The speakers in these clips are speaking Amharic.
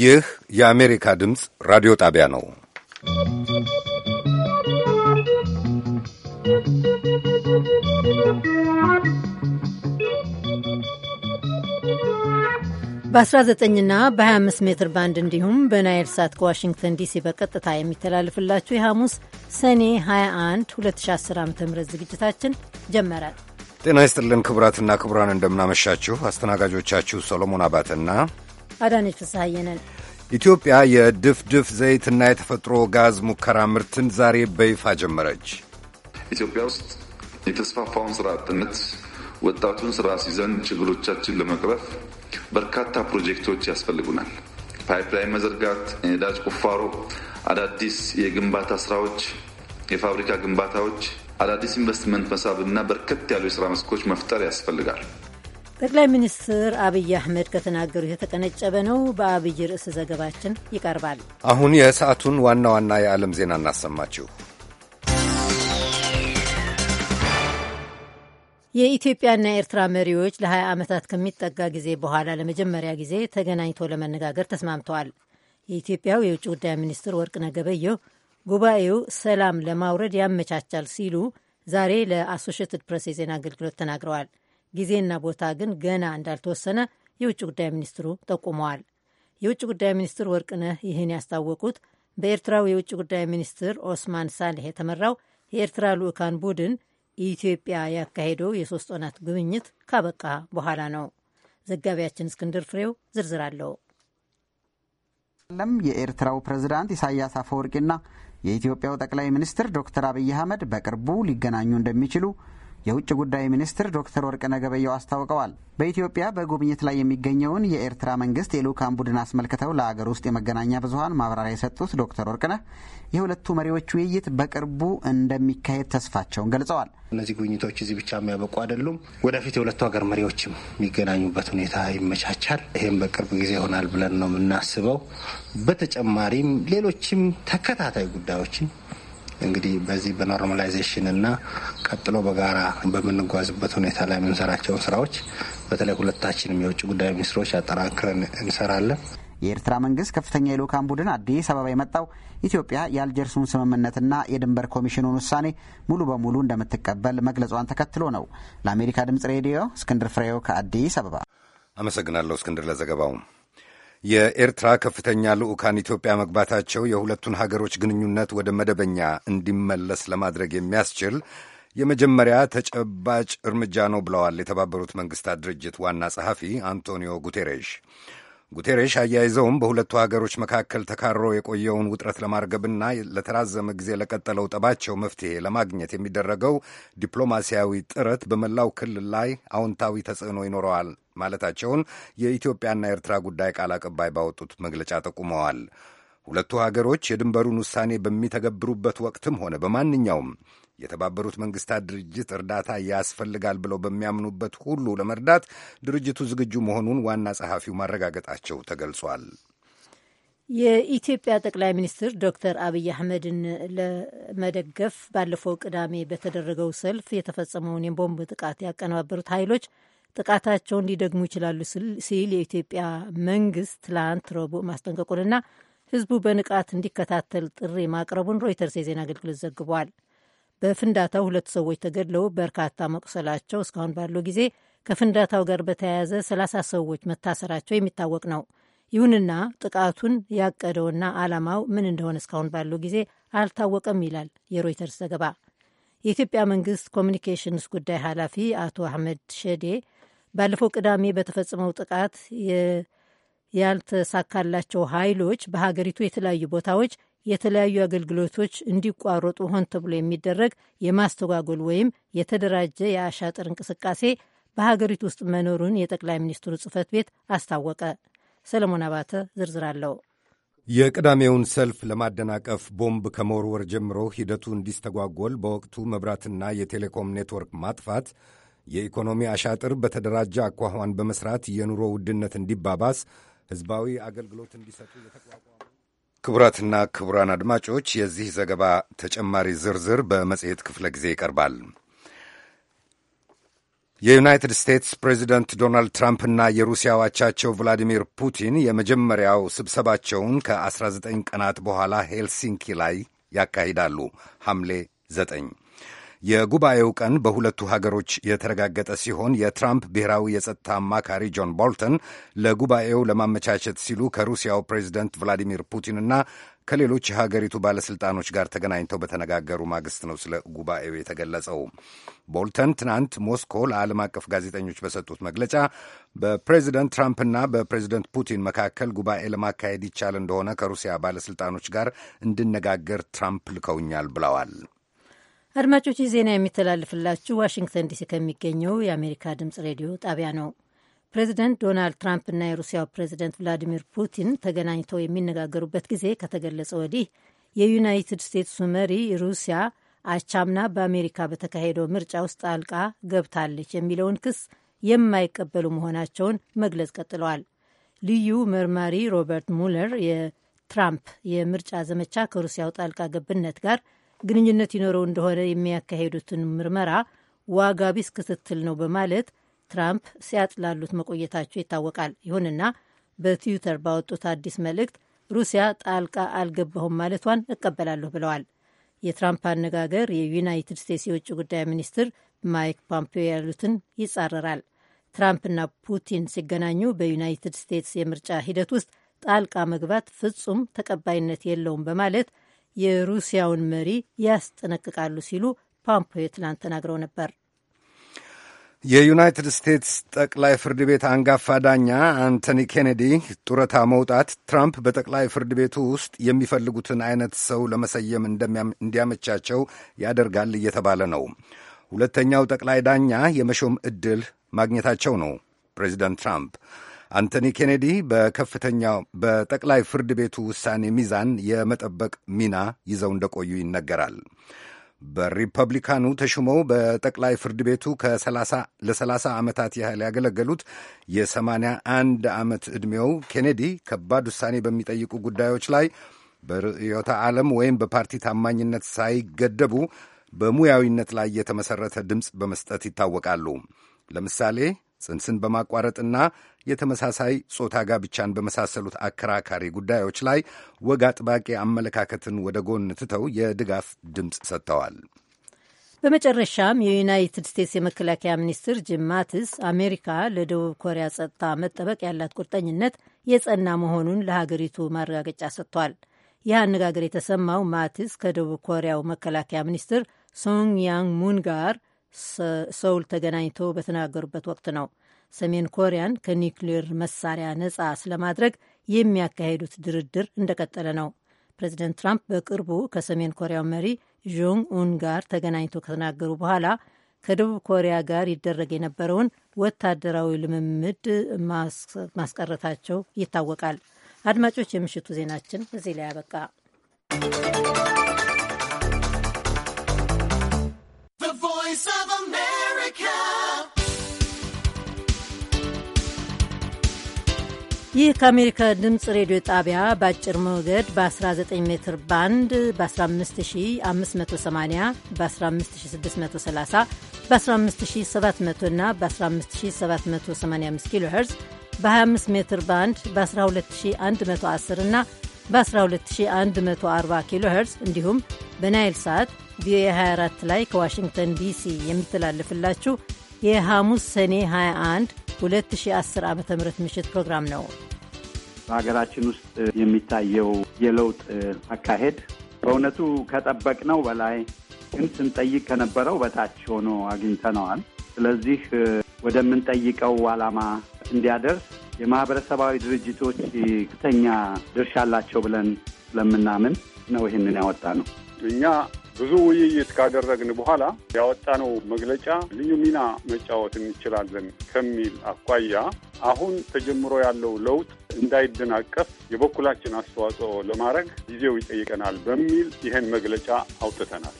ይህ የአሜሪካ ድምፅ ራዲዮ ጣቢያ ነው። በ19ና በ25 ሜትር ባንድ እንዲሁም በናይል ሳት ከዋሽንግተን ዲሲ በቀጥታ የሚተላልፍላችሁ የሐሙስ ሰኔ 21 2010 ዓ ም ዝግጅታችን ጀመረ። ጤና ይስጥልን ክቡራትና ክቡራን፣ እንደምናመሻችሁ። አስተናጋጆቻችሁ ሰሎሞን አባተና አዳነች ፍስሐየነን። ኢትዮጵያ የድፍድፍ ዘይትና የተፈጥሮ ጋዝ ሙከራ ምርትን ዛሬ በይፋ ጀመረች። ኢትዮጵያ ውስጥ የተስፋፋውን ስራ አጥነት፣ ወጣቱን ስራ ሲዘን ችግሮቻችን ለመቅረፍ በርካታ ፕሮጀክቶች ያስፈልጉናል። ፓይፕላይን መዘርጋት፣ የነዳጅ ቁፋሮ፣ አዳዲስ የግንባታ ስራዎች፣ የፋብሪካ ግንባታዎች፣ አዳዲስ ኢንቨስትመንት መሳብና በርከት ያሉ የስራ መስኮች መፍጠር ያስፈልጋል። ጠቅላይ ሚኒስትር አብይ አህመድ ከተናገሩት የተቀነጨበ ነው። በአብይ ርዕስ ዘገባችን ይቀርባል። አሁን የሰዓቱን ዋና ዋና የዓለም ዜና እናሰማችሁ። የኢትዮጵያና የኤርትራ መሪዎች ለ20 ዓመታት ከሚጠጋ ጊዜ በኋላ ለመጀመሪያ ጊዜ ተገናኝቶ ለመነጋገር ተስማምተዋል። የኢትዮጵያው የውጭ ጉዳይ ሚኒስትር ወርቅነህ ገበየሁ ጉባኤው ሰላም ለማውረድ ያመቻቻል ሲሉ ዛሬ ለአሶሽትድ ፕሬስ የዜና አገልግሎት ተናግረዋል። ጊዜና ቦታ ግን ገና እንዳልተወሰነ የውጭ ጉዳይ ሚኒስትሩ ጠቁመዋል። የውጭ ጉዳይ ሚኒስትር ወርቅነህ ይህን ያስታወቁት በኤርትራው የውጭ ጉዳይ ሚኒስትር ኦስማን ሳሌህ የተመራው የኤርትራ ልዑካን ቡድን ኢትዮጵያ ያካሄደው የሶስት ወናት ጉብኝት ካበቃ በኋላ ነው። ዘጋቢያችን እስክንድር ፍሬው ዝርዝር አለው። ለም የኤርትራው ፕሬዝዳንት ኢሳያስ አፈወርቂና የኢትዮጵያው ጠቅላይ ሚኒስትር ዶክተር አብይ አህመድ በቅርቡ ሊገናኙ እንደሚችሉ የውጭ ጉዳይ ሚኒስትር ዶክተር ወርቅነህ ገበየሁ አስታውቀዋል። በኢትዮጵያ በጉብኝት ላይ የሚገኘውን የኤርትራ መንግስት የልዑካን ቡድን አስመልክተው ለአገር ውስጥ የመገናኛ ብዙኃን ማብራሪያ የሰጡት ዶክተር ወርቅነህ የሁለቱ መሪዎች ውይይት በቅርቡ እንደሚካሄድ ተስፋቸውን ገልጸዋል። እነዚህ ጉብኝቶች እዚህ ብቻ የሚያበቁ አይደሉም። ወደፊት የሁለቱ ሀገር መሪዎችም የሚገናኙበት ሁኔታ ይመቻቻል። ይህም በቅርብ ጊዜ ይሆናል ብለን ነው የምናስበው። በተጨማሪም ሌሎችም ተከታታይ ጉዳዮችን እንግዲህ በዚህ በኖርማላይዜሽን እና ቀጥሎ በጋራ በምንጓዝበት ሁኔታ ላይ የምንሰራቸውን ስራዎች በተለይ ሁለታችንም የውጭ ጉዳይ ሚኒስትሮች አጠናክረን እንሰራለን። የኤርትራ መንግስት ከፍተኛ የልኡካን ቡድን አዲስ አበባ የመጣው ኢትዮጵያ የአልጀርሱን ስምምነትና የድንበር ኮሚሽኑን ውሳኔ ሙሉ በሙሉ እንደምትቀበል መግለጿን ተከትሎ ነው። ለአሜሪካ ድምጽ ሬዲዮ እስክንድር ፍሬው ከአዲስ አበባ አመሰግናለሁ። እስክንድር ለዘገባው። የኤርትራ ከፍተኛ ልዑካን ኢትዮጵያ መግባታቸው የሁለቱን ሀገሮች ግንኙነት ወደ መደበኛ እንዲመለስ ለማድረግ የሚያስችል የመጀመሪያ ተጨባጭ እርምጃ ነው ብለዋል የተባበሩት መንግስታት ድርጅት ዋና ጸሐፊ አንቶኒዮ ጉቴሬሽ። ጉቴሬሽ አያይዘውም በሁለቱ ሀገሮች መካከል ተካሮ የቆየውን ውጥረት ለማርገብና ለተራዘመ ጊዜ ለቀጠለው ጠባቸው መፍትሄ ለማግኘት የሚደረገው ዲፕሎማሲያዊ ጥረት በመላው ክልል ላይ አዎንታዊ ተጽዕኖ ይኖረዋል ማለታቸውን የኢትዮጵያና ኤርትራ ጉዳይ ቃል አቀባይ ባወጡት መግለጫ ጠቁመዋል። ሁለቱ ሀገሮች የድንበሩን ውሳኔ በሚተገብሩበት ወቅትም ሆነ በማንኛውም የተባበሩት መንግስታት ድርጅት እርዳታ ያስፈልጋል ብለው በሚያምኑበት ሁሉ ለመርዳት ድርጅቱ ዝግጁ መሆኑን ዋና ጸሐፊው ማረጋገጣቸው ተገልጿል። የኢትዮጵያ ጠቅላይ ሚኒስትር ዶክተር አብይ አህመድን ለመደገፍ ባለፈው ቅዳሜ በተደረገው ሰልፍ የተፈጸመውን የቦምብ ጥቃት ያቀነባበሩት ኃይሎች ጥቃታቸውን ሊደግሙ ይችላሉ ሲል የኢትዮጵያ መንግስት ትላንት ረቡዕ ማስጠንቀቁንና ህዝቡ በንቃት እንዲከታተል ጥሪ ማቅረቡን ሮይተርስ የዜና አገልግሎት ዘግቧል። በፍንዳታው ሁለት ሰዎች ተገድለው በርካታ መቁሰላቸው እስካሁን ባለው ጊዜ ከፍንዳታው ጋር በተያያዘ 30 ሰዎች መታሰራቸው የሚታወቅ ነው። ይሁንና ጥቃቱን ያቀደውና ዓላማው ምን እንደሆነ እስካሁን ባለው ጊዜ አልታወቀም ይላል የሮይተርስ ዘገባ። የኢትዮጵያ መንግስት ኮሚኒኬሽንስ ጉዳይ ኃላፊ አቶ አህመድ ሸዴ ባለፈው ቅዳሜ በተፈጸመው ጥቃት ያልተሳካላቸው ኃይሎች በሀገሪቱ የተለያዩ ቦታዎች የተለያዩ አገልግሎቶች እንዲቋረጡ ሆን ተብሎ የሚደረግ የማስተጓጎል ወይም የተደራጀ የአሻጥር እንቅስቃሴ በሀገሪቱ ውስጥ መኖሩን የጠቅላይ ሚኒስትሩ ጽህፈት ቤት አስታወቀ። ሰለሞን አባተ ዝርዝር አለው። የቅዳሜውን ሰልፍ ለማደናቀፍ ቦምብ ከመወርወር ጀምሮ ሂደቱ እንዲስተጓጎል በወቅቱ መብራትና የቴሌኮም ኔትወርክ ማጥፋት የኢኮኖሚ አሻጥር በተደራጀ አኳኋን በመስራት የኑሮ ውድነት እንዲባባስ ህዝባዊ አገልግሎት እንዲሰጡ የተቋቋመ ክቡራትና ክቡራን አድማጮች የዚህ ዘገባ ተጨማሪ ዝርዝር በመጽሔት ክፍለ ጊዜ ይቀርባል። የዩናይትድ ስቴትስ ፕሬዚደንት ዶናልድ ትራምፕና የሩሲያ አቻቸው ቭላዲሚር ፑቲን የመጀመሪያው ስብሰባቸውን ከ19 ቀናት በኋላ ሄልሲንኪ ላይ ያካሂዳሉ ሐምሌ 9 የጉባኤው ቀን በሁለቱ ሀገሮች የተረጋገጠ ሲሆን የትራምፕ ብሔራዊ የጸጥታ አማካሪ ጆን ቦልተን ለጉባኤው ለማመቻቸት ሲሉ ከሩሲያው ፕሬዚደንት ቭላዲሚር ፑቲንና ከሌሎች የሀገሪቱ ባለሥልጣኖች ጋር ተገናኝተው በተነጋገሩ ማግስት ነው ስለ ጉባኤው የተገለጸው። ቦልተን ትናንት ሞስኮ ለዓለም አቀፍ ጋዜጠኞች በሰጡት መግለጫ በፕሬዚደንት ትራምፕና በፕሬዚደንት ፑቲን መካከል ጉባኤ ለማካሄድ ይቻል እንደሆነ ከሩሲያ ባለሥልጣኖች ጋር እንድነጋገር ትራምፕ ልከውኛል ብለዋል። አድማጮች ዜና የሚተላልፍላችሁ ዋሽንግተን ዲሲ ከሚገኘው የአሜሪካ ድምፅ ሬዲዮ ጣቢያ ነው። ፕሬዚደንት ዶናልድ እና የሩሲያው ፕሬዚደንት ቭላዲሚር ፑቲን ተገናኝተው የሚነጋገሩበት ጊዜ ከተገለጸ ወዲህ የዩናይትድ ስቴትሱ መሪ ሩሲያ አቻምና በአሜሪካ በተካሄደው ምርጫ ውስጥ ጣልቃ ገብታለች የሚለውን ክስ የማይቀበሉ መሆናቸውን መግለጽ ቀጥለዋል። ልዩ መርማሪ ሮበርት ሙለር የትራምፕ የምርጫ ዘመቻ ከሩሲያው ጣልቃ ገብነት ጋር ግንኙነት ይኖረው እንደሆነ የሚያካሄዱትን ምርመራ ዋጋ ቢስ ክትትል ነው በማለት ትራምፕ ሲያጥላሉት መቆየታቸው ይታወቃል። ይሁንና በትዊተር ባወጡት አዲስ መልእክት ሩሲያ ጣልቃ አልገባሁም ማለቷን እቀበላለሁ ብለዋል። የትራምፕ አነጋገር የዩናይትድ ስቴትስ የውጭ ጉዳይ ሚኒስትር ማይክ ፖምፒዮ ያሉትን ይጻረራል። ትራምፕና ፑቲን ሲገናኙ በዩናይትድ ስቴትስ የምርጫ ሂደት ውስጥ ጣልቃ መግባት ፍጹም ተቀባይነት የለውም በማለት የሩሲያውን መሪ ያስጠነቅቃሉ ሲሉ ፓምፖዮ ትናንት ተናግረው ነበር። የዩናይትድ ስቴትስ ጠቅላይ ፍርድ ቤት አንጋፋ ዳኛ አንቶኒ ኬኔዲ ጡረታ መውጣት ትራምፕ በጠቅላይ ፍርድ ቤቱ ውስጥ የሚፈልጉትን አይነት ሰው ለመሰየም እንዲያመቻቸው ያደርጋል እየተባለ ነው። ሁለተኛው ጠቅላይ ዳኛ የመሾም ዕድል ማግኘታቸው ነው ፕሬዚደንት ትራምፕ አንቶኒ ኬኔዲ በከፍተኛው በጠቅላይ ፍርድ ቤቱ ውሳኔ ሚዛን የመጠበቅ ሚና ይዘው እንደቆዩ ይነገራል። በሪፐብሊካኑ ተሹመው በጠቅላይ ፍርድ ቤቱ ለሰላሳ ዓመታት ያህል ያገለገሉት የ81 ዓመት ዕድሜው ኬኔዲ ከባድ ውሳኔ በሚጠይቁ ጉዳዮች ላይ በርዕዮተ ዓለም ወይም በፓርቲ ታማኝነት ሳይገደቡ በሙያዊነት ላይ የተመሠረተ ድምፅ በመስጠት ይታወቃሉ። ለምሳሌ ጽንስን በማቋረጥና የተመሳሳይ ጾታ ጋብቻን በመሳሰሉት አከራካሪ ጉዳዮች ላይ ወግ አጥባቂ አመለካከትን ወደ ጎን ትተው የድጋፍ ድምፅ ሰጥተዋል። በመጨረሻም የዩናይትድ ስቴትስ የመከላከያ ሚኒስትር ጂም ማቲስ አሜሪካ ለደቡብ ኮሪያ ጸጥታ መጠበቅ ያላት ቁርጠኝነት የጸና መሆኑን ለሀገሪቱ ማረጋገጫ ሰጥቷል። ይህ አነጋገር የተሰማው ማቲስ ከደቡብ ኮሪያው መከላከያ ሚኒስትር ሶንግ ያንግ ሙን ጋር ሰውል ተገናኝተው በተናገሩበት ወቅት ነው። ሰሜን ኮሪያን ከኒውክሌር መሳሪያ ነጻ ስለማድረግ የሚያካሄዱት ድርድር እንደቀጠለ ነው። ፕሬዚደንት ትራምፕ በቅርቡ ከሰሜን ኮሪያው መሪ ዦንግ ኡን ጋር ተገናኝተው ከተናገሩ በኋላ ከደቡብ ኮሪያ ጋር ይደረግ የነበረውን ወታደራዊ ልምምድ ማስቀረታቸው ይታወቃል። አድማጮች፣ የምሽቱ ዜናችን እዚህ ላይ አበቃ። Voice of America. ይህ ከአሜሪካ ድምፅ ሬዲዮ ጣቢያ በአጭር ሞገድ በ19 ሜትር ባንድ በ15580 በ15630 በ15700 እና በ15785 ኪሎ ሄርዝ በ25 ሜትር ባንድ በ12110 እና በ12140 ኪሎ ሄርዝ እንዲሁም በናይል ሰዓት ቪኦኤ 24 ላይ ከዋሽንግተን ዲሲ የሚተላለፍላችሁ የሐሙስ ሰኔ 21 2010 ዓ ም ምሽት ፕሮግራም ነው። በሀገራችን ውስጥ የሚታየው የለውጥ አካሄድ በእውነቱ ከጠበቅነው በላይ ግን ስንጠይቅ ከነበረው በታች ሆኖ አግኝተነዋል። ስለዚህ ወደምንጠይቀው ዓላማ እንዲያደርስ የማህበረሰባዊ ድርጅቶች ከፍተኛ ድርሻ አላቸው ብለን ስለምናምን ነው ይህንን ያወጣ ነው። እኛ ብዙ ውይይት ካደረግን በኋላ ያወጣነው መግለጫ ልዩ ሚና መጫወት እንችላለን ከሚል አኳያ አሁን ተጀምሮ ያለው ለውጥ እንዳይደናቀፍ የበኩላችን አስተዋጽኦ ለማድረግ ጊዜው ይጠይቀናል በሚል ይህን መግለጫ አውጥተናል።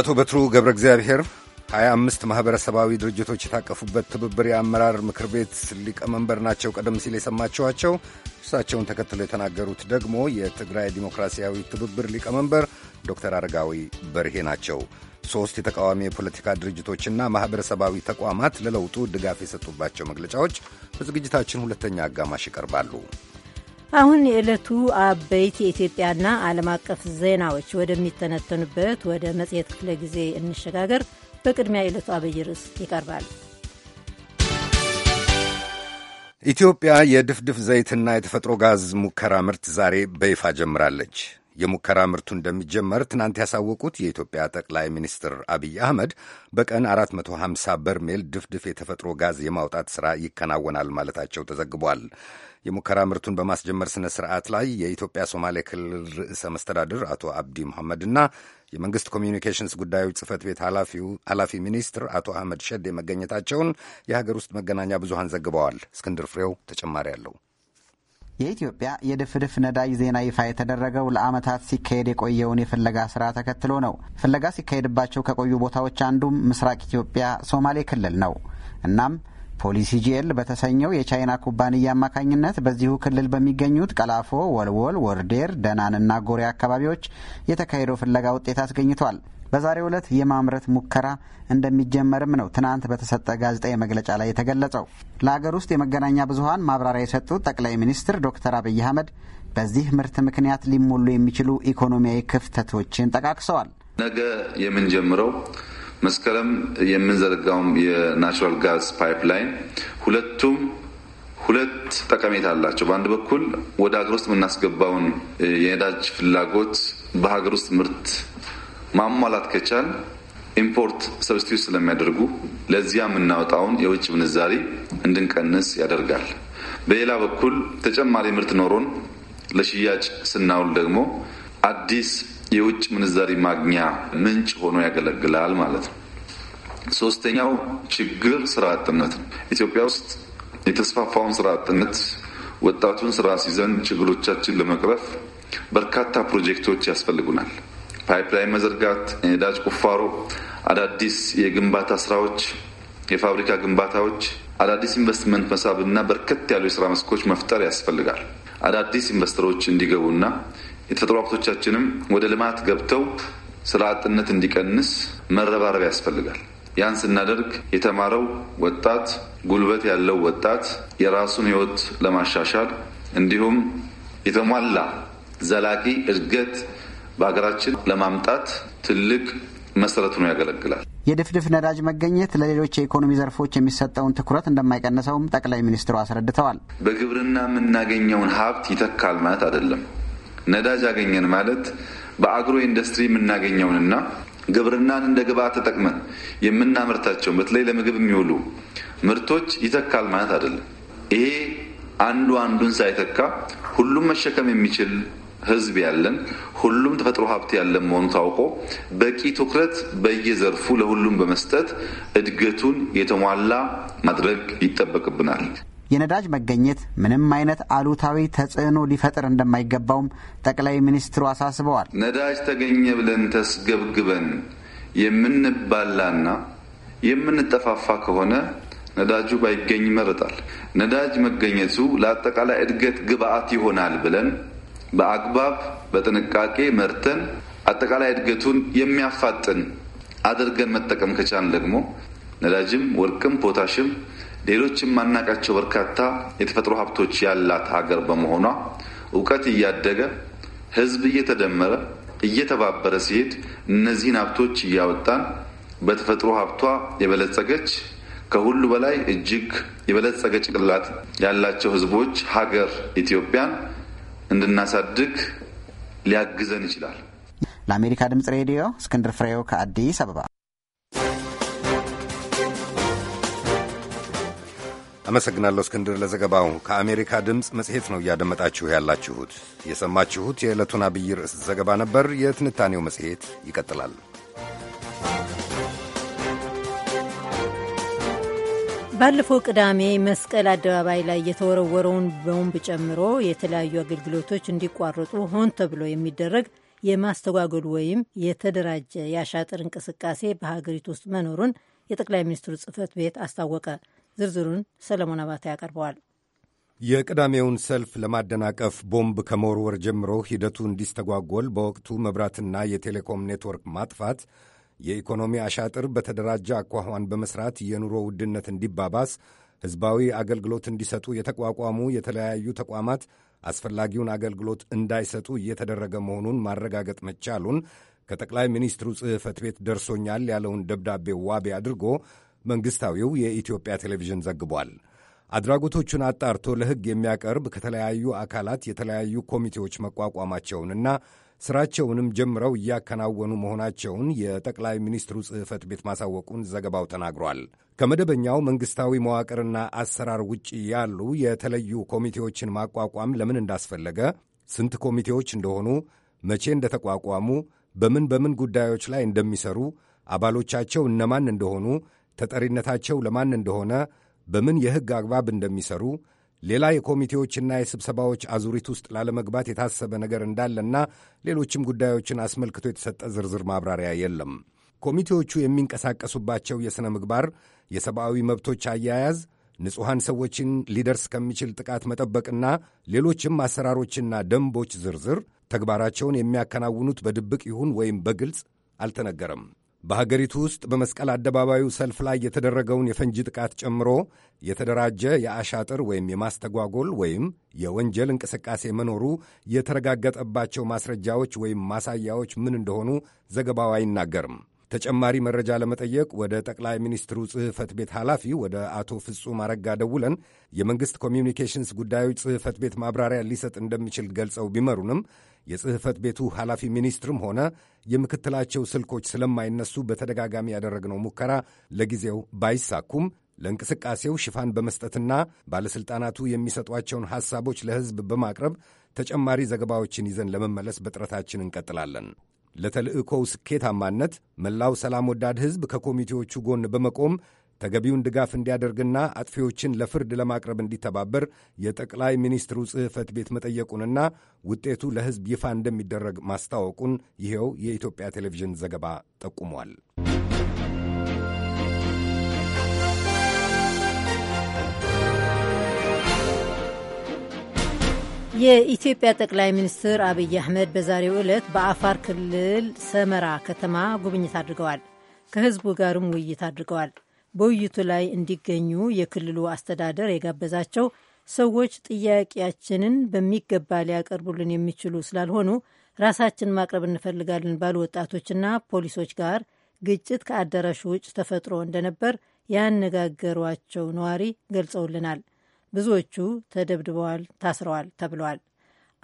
አቶ በትሩ ገብረ እግዚአብሔር ሀያ አምስት ማኅበረሰባዊ ድርጅቶች የታቀፉበት ትብብር የአመራር ምክር ቤት ሊቀመንበር ናቸው። ቀደም ሲል የሰማችኋቸው እርሳቸውን ተከትሎ የተናገሩት ደግሞ የትግራይ ዲሞክራሲያዊ ትብብር ሊቀመንበር ዶክተር አረጋዊ በርሄ ናቸው። ሦስት የተቃዋሚ የፖለቲካ ድርጅቶችና ማኅበረሰባዊ ተቋማት ለለውጡ ድጋፍ የሰጡባቸው መግለጫዎች በዝግጅታችን ሁለተኛ አጋማሽ ይቀርባሉ። አሁን የዕለቱ አበይት የኢትዮጵያና ዓለም አቀፍ ዜናዎች ወደሚተነተኑበት ወደ መጽሔት ክፍለ ጊዜ እንሸጋገር። በቅድሚያ የዕለቱ አብይ ርዕስ ይቀርባል። ኢትዮጵያ የድፍድፍ ዘይትና የተፈጥሮ ጋዝ ሙከራ ምርት ዛሬ በይፋ ጀምራለች። የሙከራ ምርቱ እንደሚጀመር ትናንት ያሳወቁት የኢትዮጵያ ጠቅላይ ሚኒስትር አብይ አህመድ በቀን 450 በርሜል ድፍድፍ የተፈጥሮ ጋዝ የማውጣት ሥራ ይከናወናል ማለታቸው ተዘግቧል። የሙከራ ምርቱን በማስጀመር ስነ ስርዓት ላይ የኢትዮጵያ ሶማሌ ክልል ርዕሰ መስተዳድር አቶ አብዲ መሐመድና የመንግስት ኮሚዩኒኬሽንስ ጉዳዮች ጽህፈት ቤት ኃላፊ ሚኒስትር አቶ አህመድ ሸዴ መገኘታቸውን የሀገር ውስጥ መገናኛ ብዙሃን ዘግበዋል። እስክንድር ፍሬው ተጨማሪ አለው። የኢትዮጵያ የድፍድፍ ነዳጅ ዜና ይፋ የተደረገው ለዓመታት ሲካሄድ የቆየውን የፍለጋ ስራ ተከትሎ ነው። ፍለጋ ሲካሄድባቸው ከቆዩ ቦታዎች አንዱም ምስራቅ ኢትዮጵያ ሶማሌ ክልል ነው። እናም ፖሊሲ ጂኤል በተሰኘው የቻይና ኩባንያ አማካኝነት በዚሁ ክልል በሚገኙት ቀላፎ፣ ወልወል፣ ወርዴር፣ ደናንና ጎሬ አካባቢዎች የተካሄደው ፍለጋ ውጤት አስገኝቷል። በዛሬው ዕለት የማምረት ሙከራ እንደሚጀመርም ነው ትናንት በተሰጠ ጋዜጣዊ መግለጫ ላይ የተገለጸው። ለአገር ውስጥ የመገናኛ ብዙሀን ማብራሪያ የሰጡት ጠቅላይ ሚኒስትር ዶክተር አብይ አህመድ በዚህ ምርት ምክንያት ሊሞሉ የሚችሉ ኢኮኖሚያዊ ክፍተቶችን ጠቃቅሰዋል። ነገ የምንጀምረው መስከረም የምንዘረጋውም የናቹራል ጋዝ ፓይፕላይን ሁለቱም ሁለት ጠቀሜታ አላቸው። በአንድ በኩል ወደ ሀገር ውስጥ የምናስገባውን የነዳጅ ፍላጎት በሀገር ውስጥ ምርት ማሟላት ከቻል ኢምፖርት ሰብስቲዩት ስለሚያደርጉ ለዚያ የምናወጣውን የውጭ ምንዛሪ እንድንቀንስ ያደርጋል። በሌላ በኩል ተጨማሪ ምርት ኖሮን ለሽያጭ ስናውል ደግሞ አዲስ የውጭ ምንዛሪ ማግኛ ምንጭ ሆኖ ያገለግላል ማለት ነው። ሶስተኛው ችግር ስራ አጥነት ነው። ኢትዮጵያ ውስጥ የተስፋፋውን ስራ አጥነት ወጣቱን ስራ ሲዘን ችግሮቻችን ለመቅረፍ በርካታ ፕሮጀክቶች ያስፈልጉናል። ፓይፕላይን መዘርጋት፣ የነዳጅ ቁፋሮ፣ አዳዲስ የግንባታ ስራዎች፣ የፋብሪካ ግንባታዎች፣ አዳዲስ ኢንቨስትመንት መሳብና በርከት ያሉ የስራ መስኮች መፍጠር ያስፈልጋል። አዳዲስ ኢንቨስተሮች እንዲገቡና የተፈጥሮ ሀብቶቻችንም ወደ ልማት ገብተው ስራ አጥነት እንዲቀንስ መረባረብ ያስፈልጋል። ያን ስናደርግ የተማረው ወጣት ጉልበት ያለው ወጣት የራሱን ህይወት ለማሻሻል እንዲሁም የተሟላ ዘላቂ እድገት በሀገራችን ለማምጣት ትልቅ መሰረት ነው ያገለግላል። የድፍድፍ ነዳጅ መገኘት ለሌሎች የኢኮኖሚ ዘርፎች የሚሰጠውን ትኩረት እንደማይቀንሰውም ጠቅላይ ሚኒስትሩ አስረድተዋል። በግብርና የምናገኘውን ሀብት ይተካል ማለት አይደለም። ነዳጅ አገኘን ማለት በአግሮ ኢንዱስትሪ የምናገኘውንና ግብርናን እንደ ግብዓት ተጠቅመን የምናመርታቸው በተለይ ለምግብ የሚውሉ ምርቶች ይተካል ማለት አይደለም። ይሄ አንዱ አንዱን ሳይተካ ሁሉም መሸከም የሚችል ሕዝብ ያለን ሁሉም ተፈጥሮ ሀብት ያለን መሆኑ ታውቆ በቂ ትኩረት በየዘርፉ ለሁሉም በመስጠት እድገቱን የተሟላ ማድረግ ይጠበቅብናል። የነዳጅ መገኘት ምንም አይነት አሉታዊ ተጽዕኖ ሊፈጥር እንደማይገባውም ጠቅላይ ሚኒስትሩ አሳስበዋል። ነዳጅ ተገኘ ብለን ተስገብግበን የምንባላና የምንጠፋፋ ከሆነ ነዳጁ ባይገኝ ይመረጣል። ነዳጅ መገኘቱ ለአጠቃላይ እድገት ግብአት ይሆናል ብለን በአግባብ በጥንቃቄ መርተን አጠቃላይ እድገቱን የሚያፋጥን አድርገን መጠቀም ከቻን ደግሞ ነዳጅም ወርቅም ፖታሽም ሌሎች የማናቃቸው በርካታ የተፈጥሮ ሀብቶች ያላት ሀገር በመሆኗ እውቀት እያደገ ህዝብ እየተደመረ እየተባበረ ሲሄድ እነዚህን ሀብቶች እያወጣን በተፈጥሮ ሀብቷ የበለጸገች ከሁሉ በላይ እጅግ የበለጸገ ጭንቅላት ያላቸው ህዝቦች ሀገር ኢትዮጵያን እንድናሳድግ ሊያግዘን ይችላል። ለአሜሪካ ድምጽ ሬዲዮ እስክንድር ፍሬው ከአዲስ አበባ አመሰግናለሁ እስክንድር ለዘገባው። ከአሜሪካ ድምፅ መጽሔት ነው እያደመጣችሁ ያላችሁት። የሰማችሁት የዕለቱን አብይ ርዕስ ዘገባ ነበር። የትንታኔው መጽሔት ይቀጥላል። ባለፈው ቅዳሜ መስቀል አደባባይ ላይ የተወረወረውን ቦምብ ጨምሮ የተለያዩ አገልግሎቶች እንዲቋረጡ ሆን ተብሎ የሚደረግ የማስተጓገል ወይም የተደራጀ የአሻጥር እንቅስቃሴ በሀገሪቱ ውስጥ መኖሩን የጠቅላይ ሚኒስትሩ ጽህፈት ቤት አስታወቀ። ዝርዝሩን ሰለሞን አባተ ያቀርበዋል። የቅዳሜውን ሰልፍ ለማደናቀፍ ቦምብ ከመወርወር ጀምሮ ሂደቱ እንዲስተጓጎል በወቅቱ መብራትና የቴሌኮም ኔትወርክ ማጥፋት፣ የኢኮኖሚ አሻጥር በተደራጀ አኳኋን በመስራት የኑሮ ውድነት እንዲባባስ፣ ሕዝባዊ አገልግሎት እንዲሰጡ የተቋቋሙ የተለያዩ ተቋማት አስፈላጊውን አገልግሎት እንዳይሰጡ እየተደረገ መሆኑን ማረጋገጥ መቻሉን ከጠቅላይ ሚኒስትሩ ጽሕፈት ቤት ደርሶኛል ያለውን ደብዳቤ ዋቢ አድርጎ መንግሥታዊው የኢትዮጵያ ቴሌቪዥን ዘግቧል። አድራጎቶቹን አጣርቶ ለሕግ የሚያቀርብ ከተለያዩ አካላት የተለያዩ ኮሚቴዎች መቋቋማቸውንና ስራቸውንም ጀምረው እያከናወኑ መሆናቸውን የጠቅላይ ሚኒስትሩ ጽሕፈት ቤት ማሳወቁን ዘገባው ተናግሯል። ከመደበኛው መንግሥታዊ መዋቅርና አሰራር ውጭ ያሉ የተለዩ ኮሚቴዎችን ማቋቋም ለምን እንዳስፈለገ፣ ስንት ኮሚቴዎች እንደሆኑ፣ መቼ እንደተቋቋሙ፣ በምን በምን ጉዳዮች ላይ እንደሚሰሩ፣ አባሎቻቸው እነማን እንደሆኑ ተጠሪነታቸው ለማን እንደሆነ፣ በምን የሕግ አግባብ እንደሚሰሩ፣ ሌላ የኮሚቴዎችና የስብሰባዎች አዙሪት ውስጥ ላለመግባት የታሰበ ነገር እንዳለና ሌሎችም ጉዳዮችን አስመልክቶ የተሰጠ ዝርዝር ማብራሪያ የለም። ኮሚቴዎቹ የሚንቀሳቀሱባቸው የሥነ ምግባር፣ የሰብአዊ መብቶች አያያዝ ንጹሐን ሰዎችን ሊደርስ ከሚችል ጥቃት መጠበቅና ሌሎችም አሰራሮችና ደንቦች ዝርዝር ተግባራቸውን የሚያከናውኑት በድብቅ ይሁን ወይም በግልጽ አልተነገረም። በሀገሪቱ ውስጥ በመስቀል አደባባዩ ሰልፍ ላይ የተደረገውን የፈንጂ ጥቃት ጨምሮ የተደራጀ የአሻጥር ወይም የማስተጓጎል ወይም የወንጀል እንቅስቃሴ መኖሩ የተረጋገጠባቸው ማስረጃዎች ወይም ማሳያዎች ምን እንደሆኑ ዘገባው አይናገርም። ተጨማሪ መረጃ ለመጠየቅ ወደ ጠቅላይ ሚኒስትሩ ጽህፈት ቤት ኃላፊ ወደ አቶ ፍጹም አረጋ ደውለን የመንግሥት ኮሚዩኒኬሽንስ ጉዳዮች ጽህፈት ቤት ማብራሪያ ሊሰጥ እንደሚችል ገልጸው ቢመሩንም የጽህፈት ቤቱ ኃላፊ ሚኒስትርም ሆነ የምክትላቸው ስልኮች ስለማይነሱ በተደጋጋሚ ያደረግነው ሙከራ ለጊዜው ባይሳኩም ለእንቅስቃሴው ሽፋን በመስጠትና ባለሥልጣናቱ የሚሰጧቸውን ሐሳቦች ለሕዝብ በማቅረብ ተጨማሪ ዘገባዎችን ይዘን ለመመለስ በጥረታችን እንቀጥላለን። ለተልዕኮው ስኬታማነት መላው ሰላም ወዳድ ሕዝብ ከኮሚቴዎቹ ጎን በመቆም ተገቢውን ድጋፍ እንዲያደርግና አጥፊዎችን ለፍርድ ለማቅረብ እንዲተባበር የጠቅላይ ሚኒስትሩ ጽሕፈት ቤት መጠየቁንና ውጤቱ ለሕዝብ ይፋ እንደሚደረግ ማስታወቁን ይኸው የኢትዮጵያ ቴሌቪዥን ዘገባ ጠቁሟል። የኢትዮጵያ ጠቅላይ ሚኒስትር አብይ አሕመድ በዛሬው ዕለት በአፋር ክልል ሰመራ ከተማ ጉብኝት አድርገዋል። ከሕዝቡ ጋርም ውይይት አድርገዋል። በውይይቱ ላይ እንዲገኙ የክልሉ አስተዳደር የጋበዛቸው ሰዎች ጥያቄያችንን በሚገባ ሊያቀርቡልን የሚችሉ ስላልሆኑ ራሳችን ማቅረብ እንፈልጋለን ባሉ ወጣቶችና ፖሊሶች ጋር ግጭት ከአዳራሹ ውጭ ተፈጥሮ እንደነበር ያነጋገሯቸው ነዋሪ ገልጸውልናል። ብዙዎቹ ተደብድበዋል፣ ታስረዋል ተብለዋል።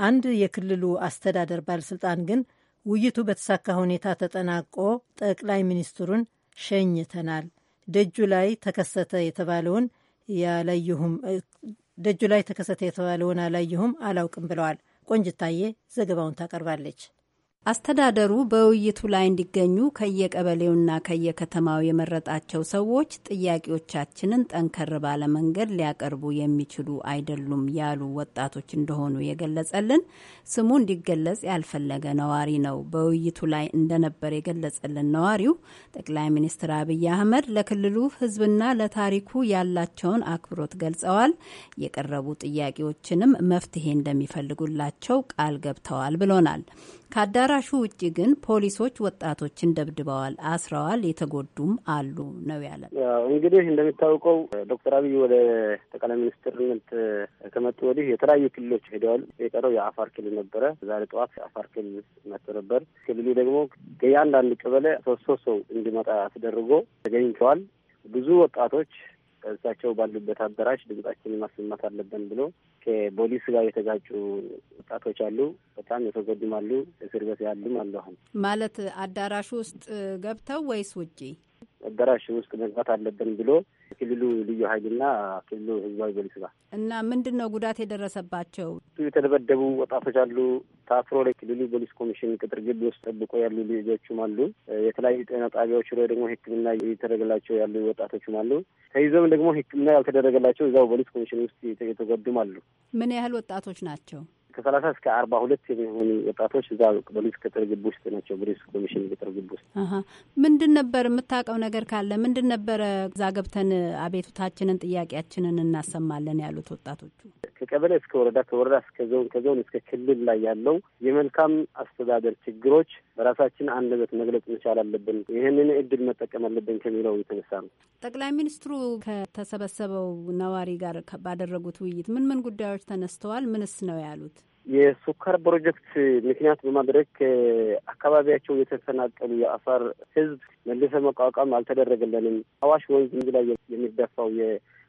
አንድ የክልሉ አስተዳደር ባለሥልጣን ግን ውይይቱ በተሳካ ሁኔታ ተጠናቆ ጠቅላይ ሚኒስትሩን ሸኝተናል ደጁ ላይ ተከሰተ የተባለውን ያላየሁም ደጁ ላይ ተከሰተ የተባለውን አላየሁም አላውቅም ብለዋል። ቆንጅታዬ ዘገባውን ታቀርባለች። አስተዳደሩ በውይይቱ ላይ እንዲገኙ ከየቀበሌውና ከየከተማው የመረጣቸው ሰዎች ጥያቄዎቻችንን ጠንከር ባለ መንገድ ሊያቀርቡ የሚችሉ አይደሉም ያሉ ወጣቶች እንደሆኑ የገለጸልን ስሙ እንዲገለጽ ያልፈለገ ነዋሪ ነው። በውይይቱ ላይ እንደነበር የገለጸልን ነዋሪው ጠቅላይ ሚኒስትር አብይ አህመድ ለክልሉ ሕዝብና ለታሪኩ ያላቸውን አክብሮት ገልጸዋል። የቀረቡ ጥያቄዎችንም መፍትሄ እንደሚፈልጉላቸው ቃል ገብተዋል ብሎናል። ከአዳራሹ ውጭ ግን ፖሊሶች ወጣቶችን ደብድበዋል፣ አስረዋል፣ የተጎዱም አሉ ነው ያለ። እንግዲህ እንደሚታወቀው ዶክተር አብይ ወደ ጠቅላይ ሚኒስትርነት ከመጡ ወዲህ የተለያዩ ክልሎች ሄደዋል። የቀረው የአፋር ክልል ነበረ። ዛሬ ጠዋት የአፋር ክልል መጥቶ ነበር። ክልሉ ደግሞ ከእያንዳንዱ ቀበሌ ሶስት ሰው እንዲመጣ ተደርጎ ተገኝተዋል። ብዙ ወጣቶች እሳቸው ባሉበት አዳራሽ ድምጻችንን ማሰማት አለብን ብሎ ከፖሊስ ጋር የተጋጩ ወጣቶች አሉ። በጣም የተጎዱም አሉ። እስር ቤት ያሉም አሉ። አሁን ማለት አዳራሹ ውስጥ ገብተው ወይስ ውጪ? አዳራሹ ውስጥ መግባት አለብን ብሎ ክልሉ ልዩ ኃይልና ክልሉ ህዝባዊ ፖሊስ ጋር እና ምንድን ነው ጉዳት የደረሰባቸው? የተደበደቡ ወጣቶች አሉ። ታፍሮ ላይ ክልሉ ፖሊስ ኮሚሽን ቅጥር ግቢ ውስጥ ጠብቆ ያሉ ልጆችም አሉ። የተለያዩ ጤና ጣቢያዎች ላይ ደግሞ ሕክምና እየተደረገላቸው ያሉ ወጣቶችም አሉ። ተይዞም ደግሞ ሕክምና ያልተደረገላቸው እዛው ፖሊስ ኮሚሽን ውስጥ የተጎዱም አሉ። ምን ያህል ወጣቶች ናቸው? ከሰላሳ እስከ አርባ ሁለት የሚሆኑ ወጣቶች እዛ በሊዝ ቅጥር ግቢ ውስጥ ናቸው። በሊዝ ኮሚሽን ቅጥር ግቢ ውስጥ ምንድን ነበር የምታውቀው ነገር ካለ ምንድን ነበረ? እዛ ገብተን አቤቱታችንን ጥያቄያችንን እናሰማለን ያሉት ወጣቶቹ ከቀበሌ እስከ ወረዳ፣ ከወረዳ እስከ ዞን፣ ከዞን እስከ ክልል ላይ ያለው የመልካም አስተዳደር ችግሮች በራሳችን አንደበት መግለጽ መቻል አለብን። ይህንን እድል መጠቀም አለብን ከሚለው የተነሳ ነው። ጠቅላይ ሚኒስትሩ ከተሰበሰበው ነዋሪ ጋር ባደረጉት ውይይት ምን ምን ጉዳዮች ተነስተዋል? ምንስ ነው ያሉት? የሱካር ፕሮጀክት ምክንያት በማድረግ ከአካባቢያቸው የተፈናቀሉ የአፋር ሕዝብ መልሰ መቋቋም አልተደረገለንም። አዋሽ ወንዝ ላይ የሚደፋው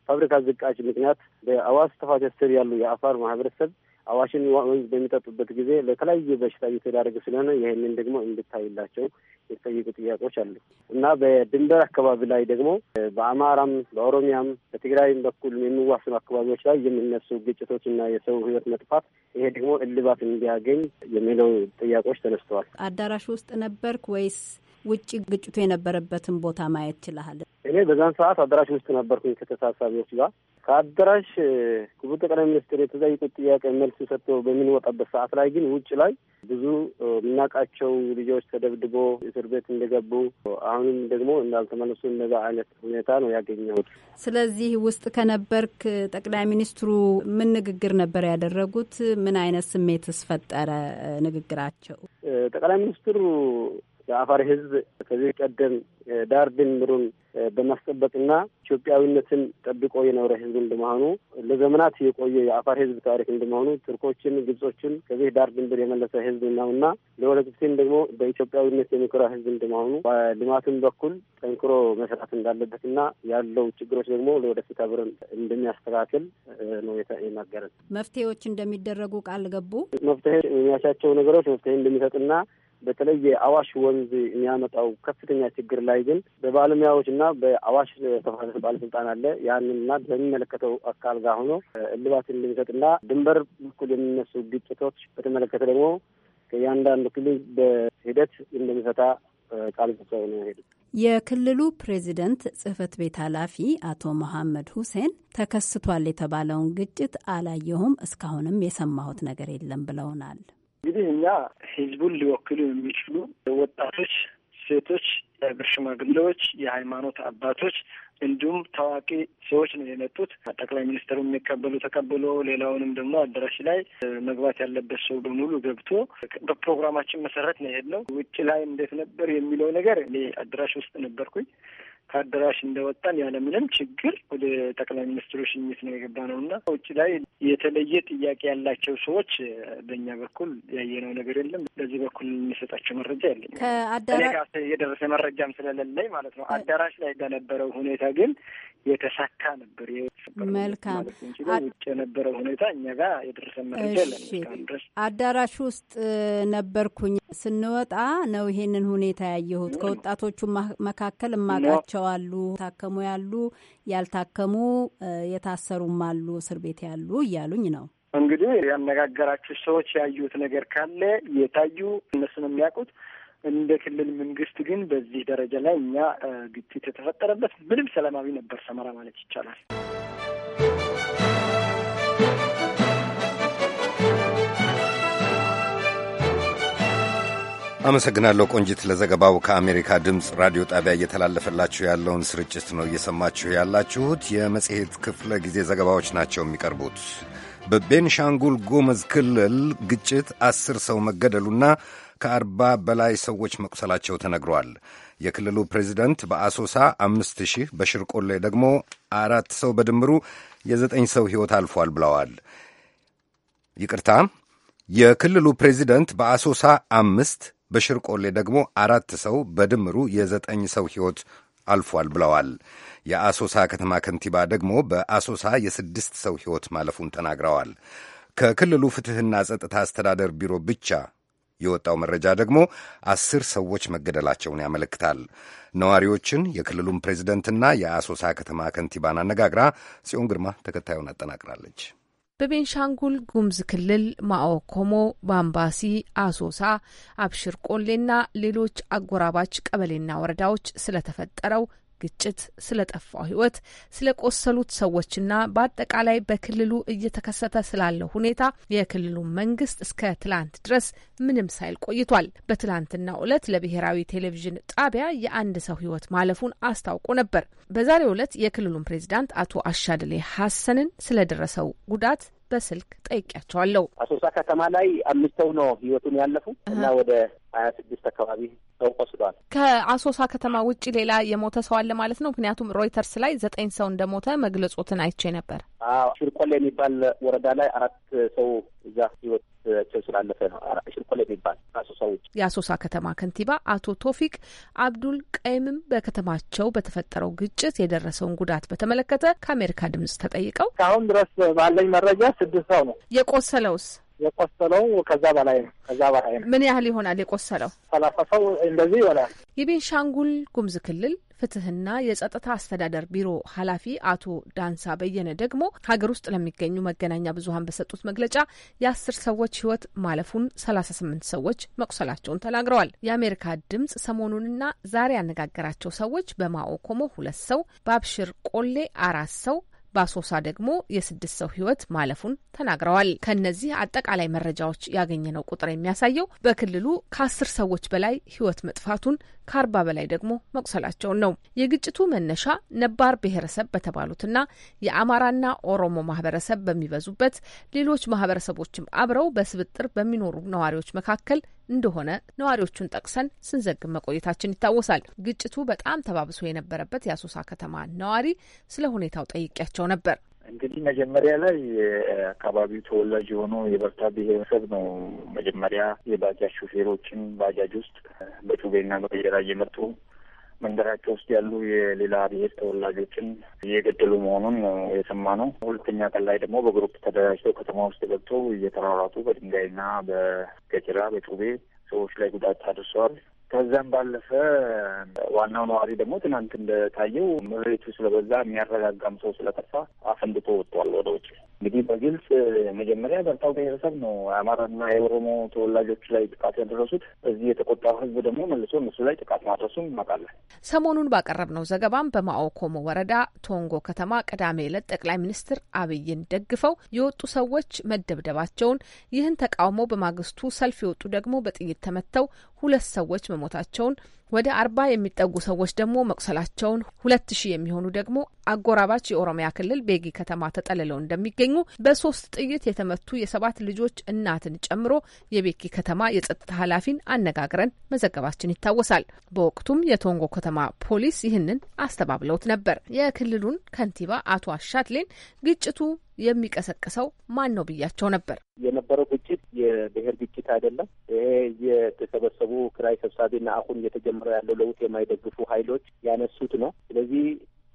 ፋብሪካ ዝቃጭ ምክንያት በአዋሽ ተፋሰስ ስር ያሉ የአፋር ማህበረሰብ አዋሽን ወንዝ በሚጠጡበት ጊዜ ለተለያየ በሽታ እየተዳረገ ስለሆነ ይህንን ደግሞ እንድታይላቸው የተጠየቁ ጥያቄዎች አሉ እና በድንበር አካባቢ ላይ ደግሞ በአማራም በኦሮሚያም በትግራይም በኩል የሚዋስኑ አካባቢዎች ላይ የሚነሱ ግጭቶች እና የሰው ሕይወት መጥፋት ይሄ ደግሞ እልባት እንዲያገኝ የሚለው ጥያቄዎች ተነስተዋል። አዳራሽ ውስጥ ነበርክ ወይስ ውጭ ግጭቱ የነበረበትን ቦታ ማየት ችላሃል? እኔ በዛን ሰዓት አዳራሽ ውስጥ ነበርኩኝ ከተሳሳቢዎች ጋር። ከአዳራሽ ክቡር ጠቅላይ ሚኒስትር የተጠየቁት ጥያቄ መልስ ሰጥቶ በምንወጣበት ሰዓት ላይ ግን ውጭ ላይ ብዙ የምናውቃቸው ልጆች ተደብድቦ እስር ቤት እንደገቡ አሁንም ደግሞ እንዳልተመለሱ እነዛ አይነት ሁኔታ ነው ያገኘሁት። ስለዚህ ውስጥ ከነበርክ ጠቅላይ ሚኒስትሩ ምን ንግግር ነበር ያደረጉት? ምን አይነት ስሜትስ ፈጠረ ንግግራቸው? ጠቅላይ ሚኒስትሩ የአፋር ሕዝብ ከዚህ ቀደም ዳር ድንበሩን በማስጠበቅና ኢትዮጵያዊነትን ጠብቆ የኖረ ህዝብ እንደመሆኑ ለዘመናት የቆየ የአፋር ህዝብ ታሪክ እንደመሆኑ ቱርኮችን፣ ግብጾችን ከዚህ ዳር ድንበር የመለሰ ህዝብ ነውና ለወደፊትም ደግሞ በኢትዮጵያዊነት የሚኮራ ህዝብ እንደመሆኑ በልማትም በኩል ጠንክሮ መስራት እንዳለበትና ያለው ችግሮች ደግሞ ለወደፊት አብረን እንደሚያስተካክል ነው የናገረን። መፍትሄዎች እንደሚደረጉ ቃል ገቡ። መፍትሄ የሚያሻቸው ነገሮች መፍትሄ እንደሚሰጥና በተለይ የአዋሽ ወንዝ የሚያመጣው ከፍተኛ ችግር ላይ ግን በባለሙያዎች እና በአዋሽ ተፋሰስ ባለስልጣን አለ ያንን እና በሚመለከተው አካል ጋር ሆኖ እልባት እንድንሰጥ እንድንሰጥና ድንበር በኩል የሚነሱ ግጭቶች በተመለከተ ደግሞ ከእያንዳንዱ ክልል በሂደት እንደሚፈታ ቃል ገብተው ነው ሄዱ። የክልሉ ፕሬዚደንት ጽህፈት ቤት ኃላፊ አቶ መሐመድ ሁሴን ተከስቷል የተባለውን ግጭት አላየሁም፣ እስካሁንም የሰማሁት ነገር የለም ብለውናል። እንግዲህ እኛ ህዝቡን ሊወክሉ የሚችሉ ወጣቶች፣ ሴቶች፣ የሀገር ሽማግሌዎች፣ የሃይማኖት አባቶች እንዲሁም ታዋቂ ሰዎች ነው የመጡት። ጠቅላይ ሚኒስትሩ የሚቀበሉ ተቀብሎ ሌላውንም ደግሞ አዳራሽ ላይ መግባት ያለበት ሰው በሙሉ ገብቶ በፕሮግራማችን መሰረት ነው የሄድነው። ውጭ ላይ እንዴት ነበር የሚለው ነገር እኔ አዳራሽ ውስጥ ነበርኩኝ። ከአዳራሽ እንደወጣን ያለምንም ችግር ወደ ጠቅላይ ሚኒስትሩ ሽኝት ነው የገባ ነው እና ውጭ ላይ የተለየ ጥያቄ ያላቸው ሰዎች በእኛ በኩል ያየነው ነገር የለም። በዚህ በኩል የሚሰጣቸው መረጃ የለኝም። ከአዳራሽ የደረሰ መረጃም ስለሌለኝ ማለት ነው። አዳራሽ ላይ በነበረው ሁኔታ ግን የተሳካ ነበር። መልካም ውጭ የነበረው ሁኔታ እኛ ጋር የደረሰ መረጃ የለም። አዳራሽ ውስጥ ነበርኩኝ። ስንወጣ ነው ይሄንን ሁኔታ ያየሁት። ከወጣቶቹ መካከል እማቃቸው አሉ፣ ታከሙ ያሉ፣ ያልታከሙ የታሰሩም አሉ፣ እስር ቤት ያሉ እያሉኝ ነው። እንግዲህ ያነጋገራችሁ ሰዎች ያዩት ነገር ካለ የታዩ እነሱን የሚያውቁት እንደ ክልል መንግስት ግን በዚህ ደረጃ ላይ እኛ ግጭት የተፈጠረበት ምንም ሰላማዊ ነበር ሰመራ ማለት ይቻላል። አመሰግናለሁ ቆንጂት ለዘገባው። ከአሜሪካ ድምፅ ራዲዮ ጣቢያ እየተላለፈላችሁ ያለውን ስርጭት ነው እየሰማችሁ ያላችሁት። የመጽሔት ክፍለ ጊዜ ዘገባዎች ናቸው የሚቀርቡት። በቤንሻንጉል ጎመዝ ክልል ግጭት አስር ሰው መገደሉና ከአርባ በላይ ሰዎች መቁሰላቸው ተነግሯል። የክልሉ ፕሬዚደንት በአሶሳ አምስት ሺህ በሽርቆሌ ደግሞ አራት ሰው በድምሩ የዘጠኝ ሰው ሕይወት አልፏል ብለዋል። ይቅርታ የክልሉ ፕሬዚደንት በአሶሳ አምስት በሽርቆሌ ደግሞ አራት ሰው በድምሩ የዘጠኝ ሰው ሕይወት አልፏል ብለዋል። የአሶሳ ከተማ ከንቲባ ደግሞ በአሶሳ የስድስት ሰው ሕይወት ማለፉን ተናግረዋል። ከክልሉ ፍትሕና ጸጥታ አስተዳደር ቢሮ ብቻ የወጣው መረጃ ደግሞ አስር ሰዎች መገደላቸውን ያመለክታል። ነዋሪዎችን የክልሉን ፕሬዚደንትና የአሶሳ ከተማ ከንቲባን አነጋግራ ጽዮን ግርማ ተከታዩን አጠናቅራለች። በቤንሻንጉል ጉምዝ ክልል ማኦኮሞ፣ ባምባሲ፣ አሶሳ፣ አብሽር ቆሌና ሌሎች አጎራባች ቀበሌና ወረዳዎች ስለተፈጠረው ግጭት፣ ስለ ጠፋው ሕይወት፣ ስለ ቆሰሉት ሰዎችና በአጠቃላይ በክልሉ እየተከሰተ ስላለው ሁኔታ የክልሉ መንግስት እስከ ትላንት ድረስ ምንም ሳይል ቆይቷል። በትላንትናው ዕለት ለብሔራዊ ቴሌቪዥን ጣቢያ የአንድ ሰው ሕይወት ማለፉን አስታውቆ ነበር። በዛሬው ዕለት የክልሉን ፕሬዚዳንት አቶ አሻድሌ ሀሰንን ስለደረሰው ጉዳት በስልክ ጠይቂያቸዋለሁ። አሶሳ ከተማ ላይ አምስት ሰው ነው ህይወቱን ያለፉ እና ወደ ሀያ ስድስት አካባቢ ሰው ቆስሏል። ከአሶሳ ከተማ ውጭ ሌላ የሞተ ሰው አለ ማለት ነው? ምክንያቱም ሮይተርስ ላይ ዘጠኝ ሰው እንደሞተ መግለጾትን አይቼ ነበር። ሽርቆሌ የሚባል ወረዳ ላይ አራት ሰው እዛ ህይወት ቸው ስላለፈ ነው። ሽርቆሌ የሚባል አሶሳ ውጭ የአሶሳ ከተማ ከንቲባ አቶ ቶፊቅ አብዱል ቀይምም በከተማቸው በተፈጠረው ግጭት የደረሰውን ጉዳት በተመለከተ ከአሜሪካ ድምጽ ተጠይቀው እስካሁን ድረስ ባለኝ መረጃ ስድስት ሰው ነው የቆሰለውስ የቆሰለው ከዛ በላይ ነው። ከዛ በላይ ነው። ምን ያህል ይሆናል የቆሰለው? ሰላሳ ሰው እንደዚህ ይሆናል። የቤንሻንጉል ጉሙዝ ክልል ፍትህና የጸጥታ አስተዳደር ቢሮ ኃላፊ አቶ ዳንሳ በየነ ደግሞ ሀገር ውስጥ ለሚገኙ መገናኛ ብዙኃን በሰጡት መግለጫ የአስር ሰዎች ህይወት ማለፉን፣ ሰላሳ ስምንት ሰዎች መቁሰላቸውን ተናግረዋል። የአሜሪካ ድምጽ ሰሞኑንና ዛሬ ያነጋገራቸው ሰዎች በማኦ ሁለት ሰው፣ በአብሽር ቆሌ አራት ሰው በአሶሳ ደግሞ የስድስት ሰው ሕይወት ማለፉን ተናግረዋል። ከነዚህ አጠቃላይ መረጃዎች ያገኘነው ቁጥር የሚያሳየው በክልሉ ከአስር ሰዎች በላይ ሕይወት መጥፋቱን ከአርባ በላይ ደግሞ መቁሰላቸውን ነው። የግጭቱ መነሻ ነባር ብሔረሰብ በተባሉትና የአማራና ኦሮሞ ማህበረሰብ በሚበዙበት ሌሎች ማህበረሰቦችም አብረው በስብጥር በሚኖሩ ነዋሪዎች መካከል እንደሆነ ነዋሪዎቹን ጠቅሰን ስንዘግብ መቆየታችን ይታወሳል። ግጭቱ በጣም ተባብሶ የነበረበት የአሶሳ ከተማ ነዋሪ ስለ ሁኔታው ጠይቄያቸው ነበር። እንግዲህ መጀመሪያ ላይ የአካባቢው ተወላጅ የሆነው የበርታ ብሔረሰብ ነው። መጀመሪያ የባጃጅ ሹፌሮችን ባጃጅ ውስጥ በጩቤና በቀየራ እየመጡ መንደራቸው ውስጥ ያሉ የሌላ ብሔር ተወላጆችን እየገደሉ መሆኑን የሰማ ነው። ሁለተኛ ቀን ላይ ደግሞ በግሩፕ ተደራጅተው ከተማ ውስጥ ገብተው እየተሯሯጡ በድንጋይና በገጀራ በጩቤ ሰዎች ላይ ጉዳት አድርሰዋል። ከዛም ባለፈ ዋናው ነዋሪ ደግሞ ትናንት እንደታየው ምሬቱ ስለበዛ የሚያረጋጋም ሰው ስለጠፋ አፈንድቶ ወጥቷል ወደ ውጭ። እንግዲህ በግልጽ መጀመሪያ በርታው ብሔረሰብ ነው የአማራና የኦሮሞ ተወላጆች ላይ ጥቃት ያደረሱት። በዚህ የተቆጣው ህዝብ ደግሞ መልሶ እነሱ ላይ ጥቃት ማድረሱም እናውቃለን። ሰሞኑን ባቀረብነው ዘገባም በማኦኮሞ ወረዳ ቶንጎ ከተማ ቅዳሜ ዕለት ጠቅላይ ሚኒስትር አብይን ደግፈው የወጡ ሰዎች መደብደባቸውን፣ ይህን ተቃውሞ በማግስቱ ሰልፍ የወጡ ደግሞ በጥይት ተመተው ሁለት ሰዎች መሞታቸውን ወደ አርባ የሚጠጉ ሰዎች ደግሞ መቁሰላቸውን፣ ሁለት ሺህ የሚሆኑ ደግሞ አጎራባች የኦሮሚያ ክልል ቤጊ ከተማ ተጠልለው እንደሚገኙ በሶስት ጥይት የተመቱ የሰባት ልጆች እናትን ጨምሮ የቤጊ ከተማ የጸጥታ ኃላፊን አነጋግረን መዘገባችን ይታወሳል። በወቅቱም የቶንጎ ከተማ ፖሊስ ይህንን አስተባብለውት ነበር። የክልሉን ከንቲባ አቶ አሻትሌን ግጭቱ የሚቀሰቅሰው ማን ነው ብያቸው ነበር። የነበረው ግጭት የብሔር ግጭት አይደለም። ይሄ የተሰበሰቡ ክራይ ሰብሳቢና አሁን የተጀመ ጀምሮ ያለው ለውጥ የማይደግፉ ሀይሎች ያነሱት ነው። ስለዚህ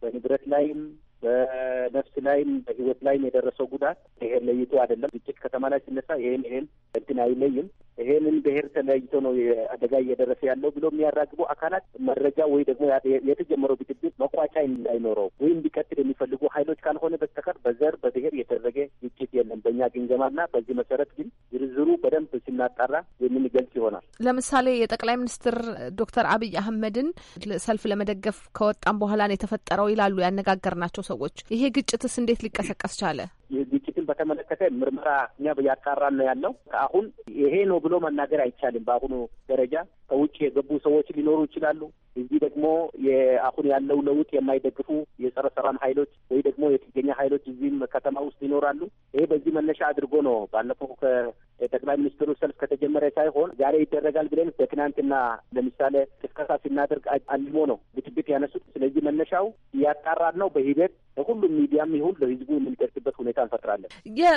በንብረት ላይም በነፍስ ላይም በህይወት ላይም የደረሰው ጉዳት ብሔር ለይቶ አይደለም። ግጭት ከተማ ላይ ሲነሳ ይሄን ይሄን እንትን አይለይም ይሄንን ብሔር ተለያይቶ ነው አደጋ እየደረሰ ያለው ብሎ የሚያራግቡ አካላት መረጃ ወይ ደግሞ የተጀመረው ግጭት መቋጫ እንዳይኖረው ወይ እንዲቀጥል የሚፈልጉ ኃይሎች ካልሆነ በስተቀር በዘር በብሔር የተደረገ ግጭት የለም በእኛ ግንዘማና። በዚህ መሰረት ግን ዝርዝሩ በደንብ ስናጣራ የምንገልጽ ይሆናል። ለምሳሌ የጠቅላይ ሚኒስትር ዶክተር አብይ አህመድን ሰልፍ ለመደገፍ ከወጣም በኋላ ነው የተፈጠረው ይላሉ ናቸው ሰዎች። ይሄ ግጭትስ እንዴት ሊቀሰቀስ ቻለ? ግጭትን በተመለከተ ምርመራ እኛ እያጣራን ነው ያለው። አሁን ይሄ ነው ብሎ መናገር አይቻልም። በአሁኑ ደረጃ ከውጭ የገቡ ሰዎች ሊኖሩ ይችላሉ። እዚህ ደግሞ አሁን ያለው ለውጥ የማይደግፉ የጸረ ሰላም ኃይሎች ወይ ደግሞ የጥገኛ ኃይሎች እዚህም ከተማ ውስጥ ይኖራሉ። ይሄ በዚህ መነሻ አድርጎ ነው ባለፈው የጠቅላይ ሚኒስትሩ ሰልፍ ከተጀመረ ሳይሆን ዛሬ ይደረጋል ብለን በትናንትና ለምሳሌ ቅስቀሳ ሲናደርግ አልሞ ነው ብጥብጥ ያነሱት። ስለዚህ መነሻው እያጣራን ነው። በሂደት ለሁሉም ሚዲያም ይሁን ለህዝቡ የምንደርስበት ሁኔታ እንፈጥራለን።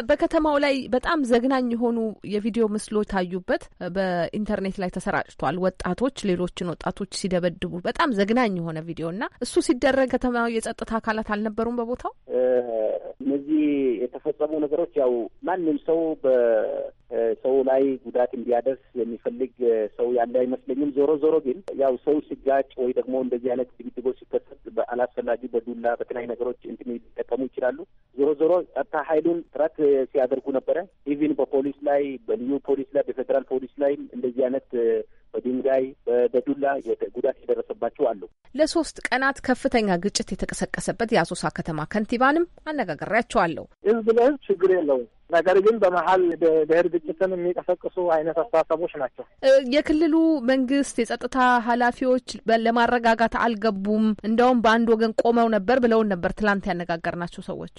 በከተማው ላይ በጣም ዘግናኝ የሆኑ የቪዲዮ ምስሎች ታዩበት በኢንተርኔት ላይ ተሰራጭቷል። ወጣቶች ሌሎችን ወጣቶች ሲደበድቡ በጣም ዘግናኝ የሆነ ቪዲዮ እና እሱ ሲደረግ ከተማው የጸጥታ አካላት አልነበሩም በቦታው እነዚህ የተፈጸሙ ነገሮች ያው ማንም ሰው ሰው ላይ ጉዳት እንዲያደርስ የሚፈልግ ሰው ያለ አይመስለኝም። ዞሮ ዞሮ ግን ያው ሰው ሲጋጭ ወይ ደግሞ እንደዚህ አይነት ድግድጎች ሲከሰት በአላስፈላጊ በዱላ በተለያዩ ነገሮች እንትን ሊጠቀሙ ይችላሉ። ዞሮ ዞሮ ጸጥታ ኃይሉን ጥረት ሲያደርጉ ነበረ። ኢቪን በፖሊስ ላይ በልዩ ፖሊስ ላይ በፌዴራል ፖሊስ ላይ እንደዚህ አይነት በድንጋይ በዱላ ጉዳት የደረሰባቸው አሉ። ለሶስት ቀናት ከፍተኛ ግጭት የተቀሰቀሰበት የአሶሳ ከተማ ከንቲባንም አነጋግሬያቸዋለሁ። ህዝብ ለህዝብ ችግር የለውም ነገር ግን በመሀል ብሄር ግጭትን የሚቀሰቅሱ አይነት አስተሳሰቦች ናቸው። የክልሉ መንግስት የጸጥታ ኃላፊዎች ለማረጋጋት አልገቡም፣ እንደውም በአንድ ወገን ቆመው ነበር ብለውን ነበር ትላንት ያነጋገርናቸው ሰዎች።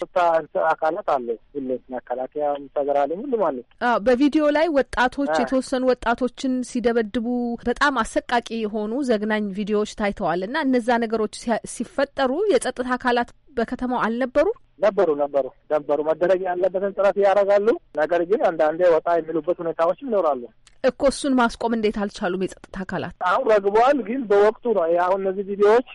አካላት አለ፣ ሁሉም መከላከያ፣ ተገራለ፣ ሁሉም አለ። በቪዲዮ ላይ ወጣቶች የተወሰኑ ወጣቶችን ሲደበድቡ በጣም አሰቃቂ የሆኑ ዘግናኝ ቪዲዮዎች ታይተዋል እና እነዛ ነገሮች ሲፈጠሩ የጸጥታ አካላት በከተማው አልነበሩ? ነበሩ ነበሩ ነበሩ። መደረግ ያለበትን ጥረት ያደርጋሉ። ነገር ግን አንዳንዴ ወጣ የሚሉበት ሁኔታዎችም ይኖራሉ እኮ እሱን ማስቆም እንዴት አልቻሉም? የጸጥታ አካላት አሁን ረግበዋል። ግን በወቅቱ ነው አሁን እነዚህ ቪዲዮዎች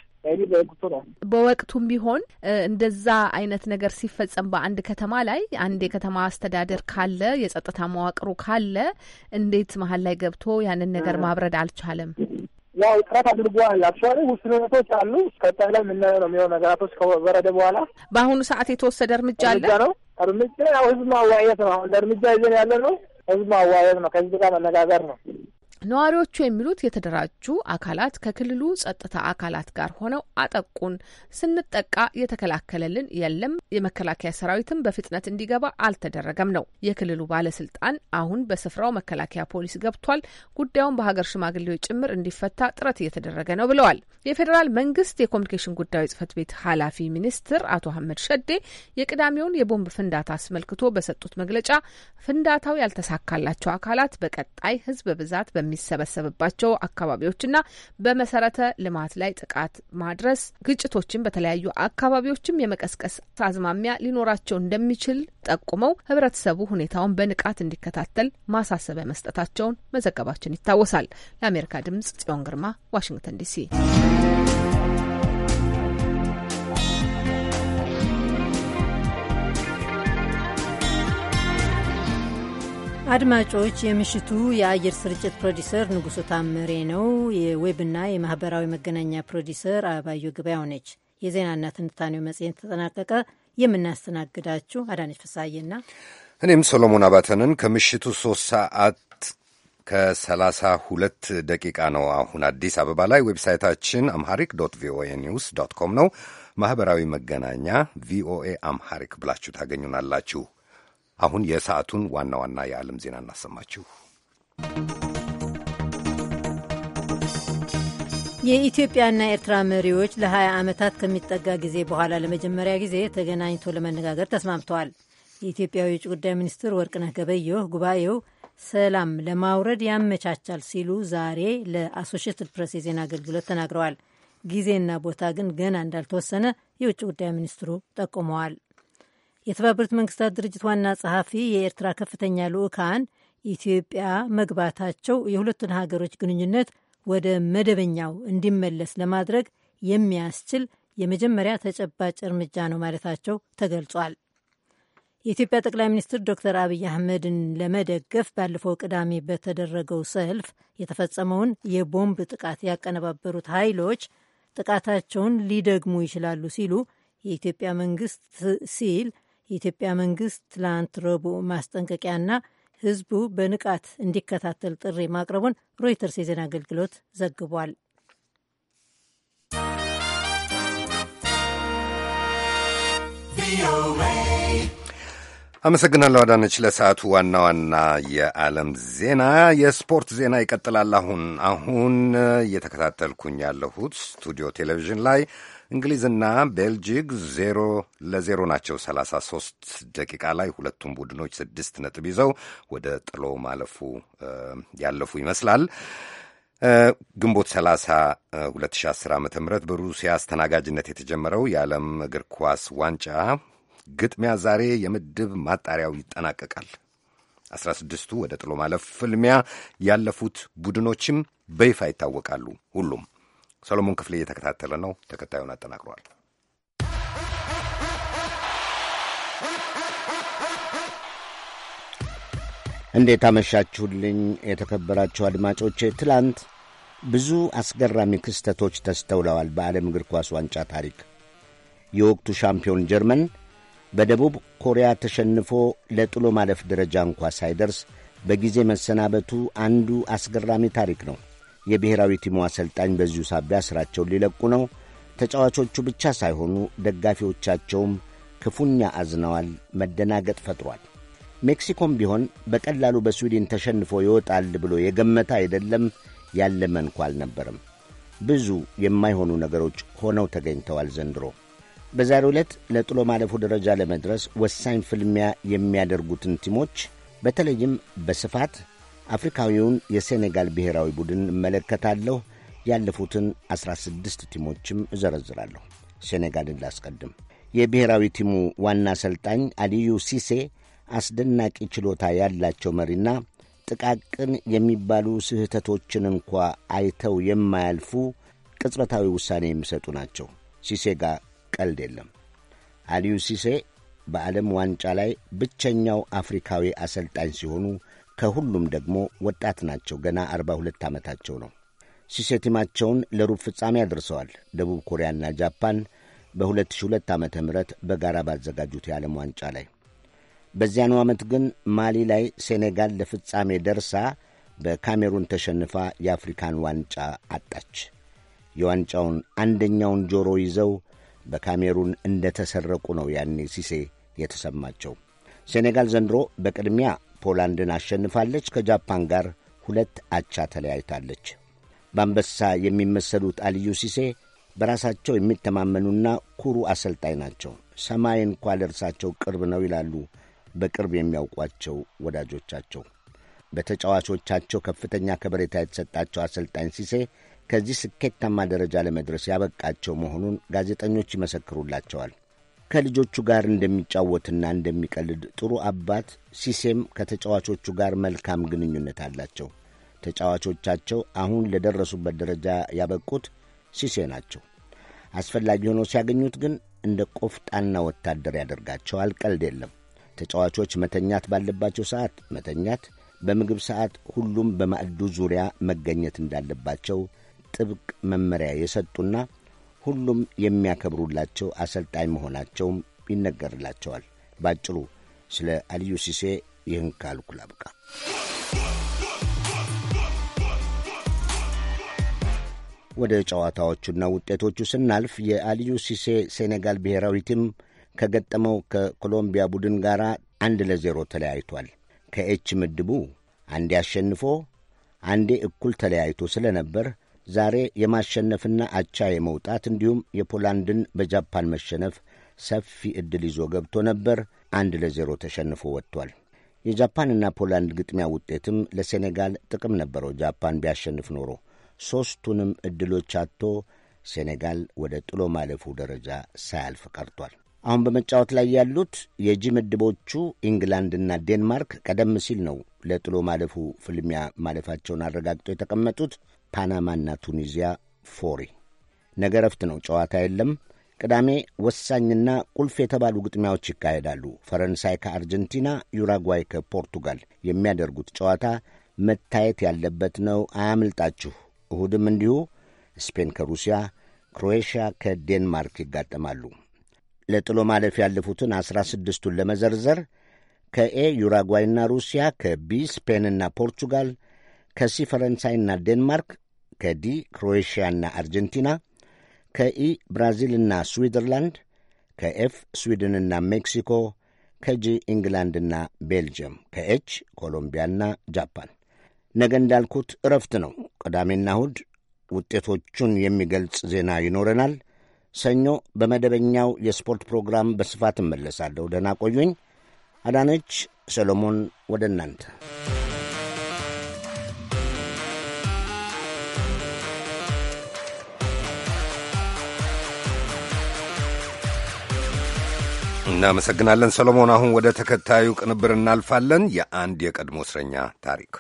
ነው። በወቅቱም ቢሆን እንደዛ አይነት ነገር ሲፈጸም በአንድ ከተማ ላይ አንድ የከተማ አስተዳደር ካለ የጸጥታ መዋቅሩ ካለ እንዴት መሀል ላይ ገብቶ ያንን ነገር ማብረድ አልቻለም? ያው ጥረት አድርጓል። አክቹዋሊ ውስንነቶች አሉ። ቀጣይ ላይ የምናየው ነው የሚሆን ነገራቶች ከወረደ በኋላ። በአሁኑ ሰዓት የተወሰደ እርምጃ አለ ነው እርምጃ ያው ህዝብ ማዋየት ነው። አሁን እርምጃ ይዘን ያለ ነው ህዝብ ማዋየት ነው። ከህዝብ ጋር መነጋገር ነው። ነዋሪዎቹ የሚሉት የተደራጁ አካላት ከክልሉ ጸጥታ አካላት ጋር ሆነው አጠቁን፣ ስንጠቃ የተከላከለልን የለም፣ የመከላከያ ሰራዊትም በፍጥነት እንዲገባ አልተደረገም ነው። የክልሉ ባለስልጣን አሁን በስፍራው መከላከያ ፖሊስ ገብቷል፣ ጉዳዩን በሀገር ሽማግሌዎች ጭምር እንዲፈታ ጥረት እየተደረገ ነው ብለዋል። የፌዴራል መንግስት የኮሚኒኬሽን ጉዳዮች ጽህፈት ቤት ኃላፊ ሚኒስትር አቶ አህመድ ሸዴ የቅዳሜውን የቦምብ ፍንዳታ አስመልክቶ በሰጡት መግለጫ ፍንዳታው ያልተሳካላቸው አካላት በቀጣይ ህዝብ ብዛት በ በሚሰበሰብባቸው አካባቢዎችና በመሰረተ ልማት ላይ ጥቃት ማድረስ፣ ግጭቶችን በተለያዩ አካባቢዎችም የመቀስቀስ አዝማሚያ ሊኖራቸው እንደሚችል ጠቁመው ህብረተሰቡ ሁኔታውን በንቃት እንዲከታተል ማሳሰቢያ መስጠታቸውን መዘገባችን ይታወሳል። ለአሜሪካ ድምጽ ጽዮን ግርማ ዋሽንግተን ዲሲ አድማጮች፣ የምሽቱ የአየር ስርጭት ፕሮዲሰር ንጉሱ ታምሬ ነው። የዌብና የማህበራዊ መገናኛ ፕሮዲሰር አባዩ ገበያው ነች። የዜናና ትንታኔው መጽሔት ተጠናቀቀ። የምናስተናግዳችሁ አዳነች ፍሳዬና እኔም ሰሎሞን አባተንን ከምሽቱ ሶስት ሰዓት ከሰላሳ ሁለት ደቂቃ ነው አሁን አዲስ አበባ ላይ። ዌብሳይታችን አምሃሪክ ዶት ቪኦኤ ኒውስ ዶት ኮም ነው። ማህበራዊ መገናኛ ቪኦኤ አምሃሪክ ብላችሁ ታገኙናላችሁ። አሁን የሰዓቱን ዋና ዋና የዓለም ዜና እናሰማችሁ። የኢትዮጵያና ኤርትራ መሪዎች ለ20 ዓመታት ከሚጠጋ ጊዜ በኋላ ለመጀመሪያ ጊዜ ተገናኝቶ ለመነጋገር ተስማምተዋል። የኢትዮጵያ የውጭ ጉዳይ ሚኒስትር ወርቅነህ ገበየሁ ጉባኤው ሰላም ለማውረድ ያመቻቻል ሲሉ ዛሬ ለአሶሽየትድ ፕሬስ የዜና አገልግሎት ተናግረዋል። ጊዜና ቦታ ግን ገና እንዳልተወሰነ የውጭ ጉዳይ ሚኒስትሩ ጠቁመዋል። የተባበሩት መንግስታት ድርጅት ዋና ጸሐፊ የኤርትራ ከፍተኛ ልዑካን ኢትዮጵያ መግባታቸው የሁለቱን ሀገሮች ግንኙነት ወደ መደበኛው እንዲመለስ ለማድረግ የሚያስችል የመጀመሪያ ተጨባጭ እርምጃ ነው ማለታቸው ተገልጿል። የኢትዮጵያ ጠቅላይ ሚኒስትር ዶክተር አብይ አህመድን ለመደገፍ ባለፈው ቅዳሜ በተደረገው ሰልፍ የተፈጸመውን የቦምብ ጥቃት ያቀነባበሩት ኃይሎች ጥቃታቸውን ሊደግሙ ይችላሉ ሲሉ የኢትዮጵያ መንግስት ሲል የኢትዮጵያ መንግስት ትላንት ረቡዕ ማስጠንቀቂያና ህዝቡ በንቃት እንዲከታተል ጥሪ ማቅረቡን ሮይተርስ የዜና አገልግሎት ዘግቧል። አመሰግናለሁ አዳነች። ለሰዓቱ ዋና ዋና የዓለም ዜና የስፖርት ዜና ይቀጥላል። አሁን አሁን እየተከታተልኩኝ ያለሁት ስቱዲዮ ቴሌቪዥን ላይ እንግሊዝና ቤልጂክ ዜሮ ለዜሮ ናቸው። 33 ደቂቃ ላይ ሁለቱም ቡድኖች ስድስት ነጥብ ይዘው ወደ ጥሎ ማለፉ ያለፉ ይመስላል። ግንቦት 30 2010 ዓ ም በሩሲያ አስተናጋጅነት የተጀመረው የዓለም እግር ኳስ ዋንጫ ግጥሚያ ዛሬ የምድብ ማጣሪያው ይጠናቀቃል። 16ቱ ወደ ጥሎ ማለፍ ፍልሚያ ያለፉት ቡድኖችም በይፋ ይታወቃሉ ሁሉም ሰሎሞን ክፍሌ እየተከታተለ ነው። ተከታዩን አጠናቅሯል። እንዴት አመሻችሁልኝ የተከበራችሁ አድማጮቼ። ትላንት ብዙ አስገራሚ ክስተቶች ተስተውለዋል በዓለም እግር ኳስ ዋንጫ ታሪክ። የወቅቱ ሻምፒዮን ጀርመን በደቡብ ኮሪያ ተሸንፎ ለጥሎ ማለፍ ደረጃ እንኳ ሳይደርስ በጊዜ መሰናበቱ አንዱ አስገራሚ ታሪክ ነው። የብሔራዊ ቲሙ አሰልጣኝ በዚሁ ሳቢያ ሥራቸውን ሊለቁ ነው። ተጫዋቾቹ ብቻ ሳይሆኑ ደጋፊዎቻቸውም ክፉኛ አዝነዋል። መደናገጥ ፈጥሯል። ሜክሲኮም ቢሆን በቀላሉ በስዊድን ተሸንፎ ይወጣል ብሎ የገመተ አይደለም፣ ያለመ እንኳ አልነበርም። ብዙ የማይሆኑ ነገሮች ሆነው ተገኝተዋል ዘንድሮ። በዛሬ ዕለት ለጥሎ ማለፉ ደረጃ ለመድረስ ወሳኝ ፍልሚያ የሚያደርጉትን ቲሞች በተለይም በስፋት አፍሪካዊውን የሴኔጋል ብሔራዊ ቡድን እመለከታለሁ። ያለፉትን 16 ቲሞችም እዘረዝራለሁ። ሴኔጋልን ላስቀድም። የብሔራዊ ቲሙ ዋና አሰልጣኝ አልዩ ሲሴ አስደናቂ ችሎታ ያላቸው መሪና ጥቃቅን የሚባሉ ስህተቶችን እንኳ አይተው የማያልፉ ቅጽበታዊ ውሳኔ የሚሰጡ ናቸው። ሲሴ ጋር ቀልድ የለም። አልዩ ሲሴ በዓለም ዋንጫ ላይ ብቸኛው አፍሪካዊ አሰልጣኝ ሲሆኑ ከሁሉም ደግሞ ወጣት ናቸው። ገና አርባ ሁለት ዓመታቸው ነው። ሲሴቲማቸውን ለሩብ ፍጻሜ አድርሰዋል። ደቡብ ኮሪያና ጃፓን በ2002 ዓ ም በጋራ ባዘጋጁት የዓለም ዋንጫ ላይ በዚያኑ ዓመት ግን ማሊ ላይ ሴኔጋል ለፍጻሜ ደርሳ በካሜሩን ተሸንፋ የአፍሪካን ዋንጫ አጣች። የዋንጫውን አንደኛውን ጆሮ ይዘው በካሜሩን እንደ ተሰረቁ ነው ያኔ ሲሴ የተሰማቸው። ሴኔጋል ዘንድሮ በቅድሚያ ፖላንድን አሸንፋለች። ከጃፓን ጋር ሁለት አቻ ተለያይታለች። በአንበሳ የሚመሰሉት አልዩ ሲሴ በራሳቸው የሚተማመኑና ኩሩ አሰልጣኝ ናቸው። ሰማይ እንኳ ለእርሳቸው ቅርብ ነው ይላሉ በቅርብ የሚያውቋቸው ወዳጆቻቸው። በተጫዋቾቻቸው ከፍተኛ ከበሬታ የተሰጣቸው አሰልጣኝ ሲሴ ከዚህ ስኬታማ ደረጃ ለመድረስ ያበቃቸው መሆኑን ጋዜጠኞች ይመሰክሩላቸዋል። ከልጆቹ ጋር እንደሚጫወትና እንደሚቀልድ ጥሩ አባት ሲሴም ከተጫዋቾቹ ጋር መልካም ግንኙነት አላቸው። ተጫዋቾቻቸው አሁን ለደረሱበት ደረጃ ያበቁት ሲሴ ናቸው። አስፈላጊ ሆኖ ሲያገኙት ግን እንደ ቆፍጣና ወታደር ያደርጋቸዋል። ቀልድ የለም። ተጫዋቾች መተኛት ባለባቸው ሰዓት መተኛት፣ በምግብ ሰዓት ሁሉም በማዕዱ ዙሪያ መገኘት እንዳለባቸው ጥብቅ መመሪያ የሰጡና ሁሉም የሚያከብሩላቸው አሰልጣኝ መሆናቸውም ይነገርላቸዋል። ባጭሩ ስለ አልዩ ሲሴ ይህን ካልኩ ላብቃ። ወደ ጨዋታዎቹና ውጤቶቹ ስናልፍ የአልዩ ሲሴ ሴኔጋል ብሔራዊ ቲም ከገጠመው ከኮሎምቢያ ቡድን ጋር አንድ ለዜሮ ተለያይቷል። ከኤች ምድቡ አንዴ አሸንፎ አንዴ እኩል ተለያይቶ ስለነበር ዛሬ የማሸነፍና አቻ የመውጣት እንዲሁም የፖላንድን በጃፓን መሸነፍ ሰፊ ዕድል ይዞ ገብቶ ነበር። አንድ ለዜሮ ተሸንፎ ወጥቷል። የጃፓንና ፖላንድ ግጥሚያ ውጤትም ለሴኔጋል ጥቅም ነበረው። ጃፓን ቢያሸንፍ ኖሮ ሦስቱንም ዕድሎች አጥቶ ሴኔጋል ወደ ጥሎ ማለፉ ደረጃ ሳያልፍ ቀርቷል። አሁን በመጫወት ላይ ያሉት የጂ ምድቦቹ ኢንግላንድና ዴንማርክ ቀደም ሲል ነው ለጥሎ ማለፉ ፍልሚያ ማለፋቸውን አረጋግጠው የተቀመጡት። ፓናማና ቱኒዚያ ፎሪ። ነገ ረፍት ነው፣ ጨዋታ የለም። ቅዳሜ ወሳኝና ቁልፍ የተባሉ ግጥሚያዎች ይካሄዳሉ። ፈረንሳይ ከአርጀንቲና፣ ዩራጓይ ከፖርቱጋል የሚያደርጉት ጨዋታ መታየት ያለበት ነው። አያምልጣችሁ። እሁድም እንዲሁ ስፔን ከሩሲያ፣ ክሮኤሽያ ከዴንማርክ ይጋጠማሉ። ለጥሎ ማለፍ ያለፉትን ዐሥራ ስድስቱን ለመዘርዘር ከኤ ዩራጓይና ሩሲያ፣ ከቢ ስፔንና ፖርቹጋል ከሲ ፈረንሳይና ዴንማርክ፣ ከዲ ክሮኤሽያና አርጀንቲና፣ ከኢ ብራዚልና ስዊዘርላንድ፣ ከኤፍ ስዊድንና ሜክሲኮ፣ ከጂ ኢንግላንድና ቤልጅየም፣ ከኤች ኮሎምቢያና ጃፓን። ነገ እንዳልኩት እረፍት ነው። ቅዳሜና እሁድ ውጤቶቹን የሚገልጽ ዜና ይኖረናል። ሰኞ በመደበኛው የስፖርት ፕሮግራም በስፋት እመለሳለሁ። ደህና ቆዩኝ። አዳነች ሰሎሞን ወደ እናንተ እናመሰግናለን ሰሎሞን። አሁን ወደ ተከታዩ ቅንብር እናልፋለን። የአንድ የቀድሞ እስረኛ ታሪክ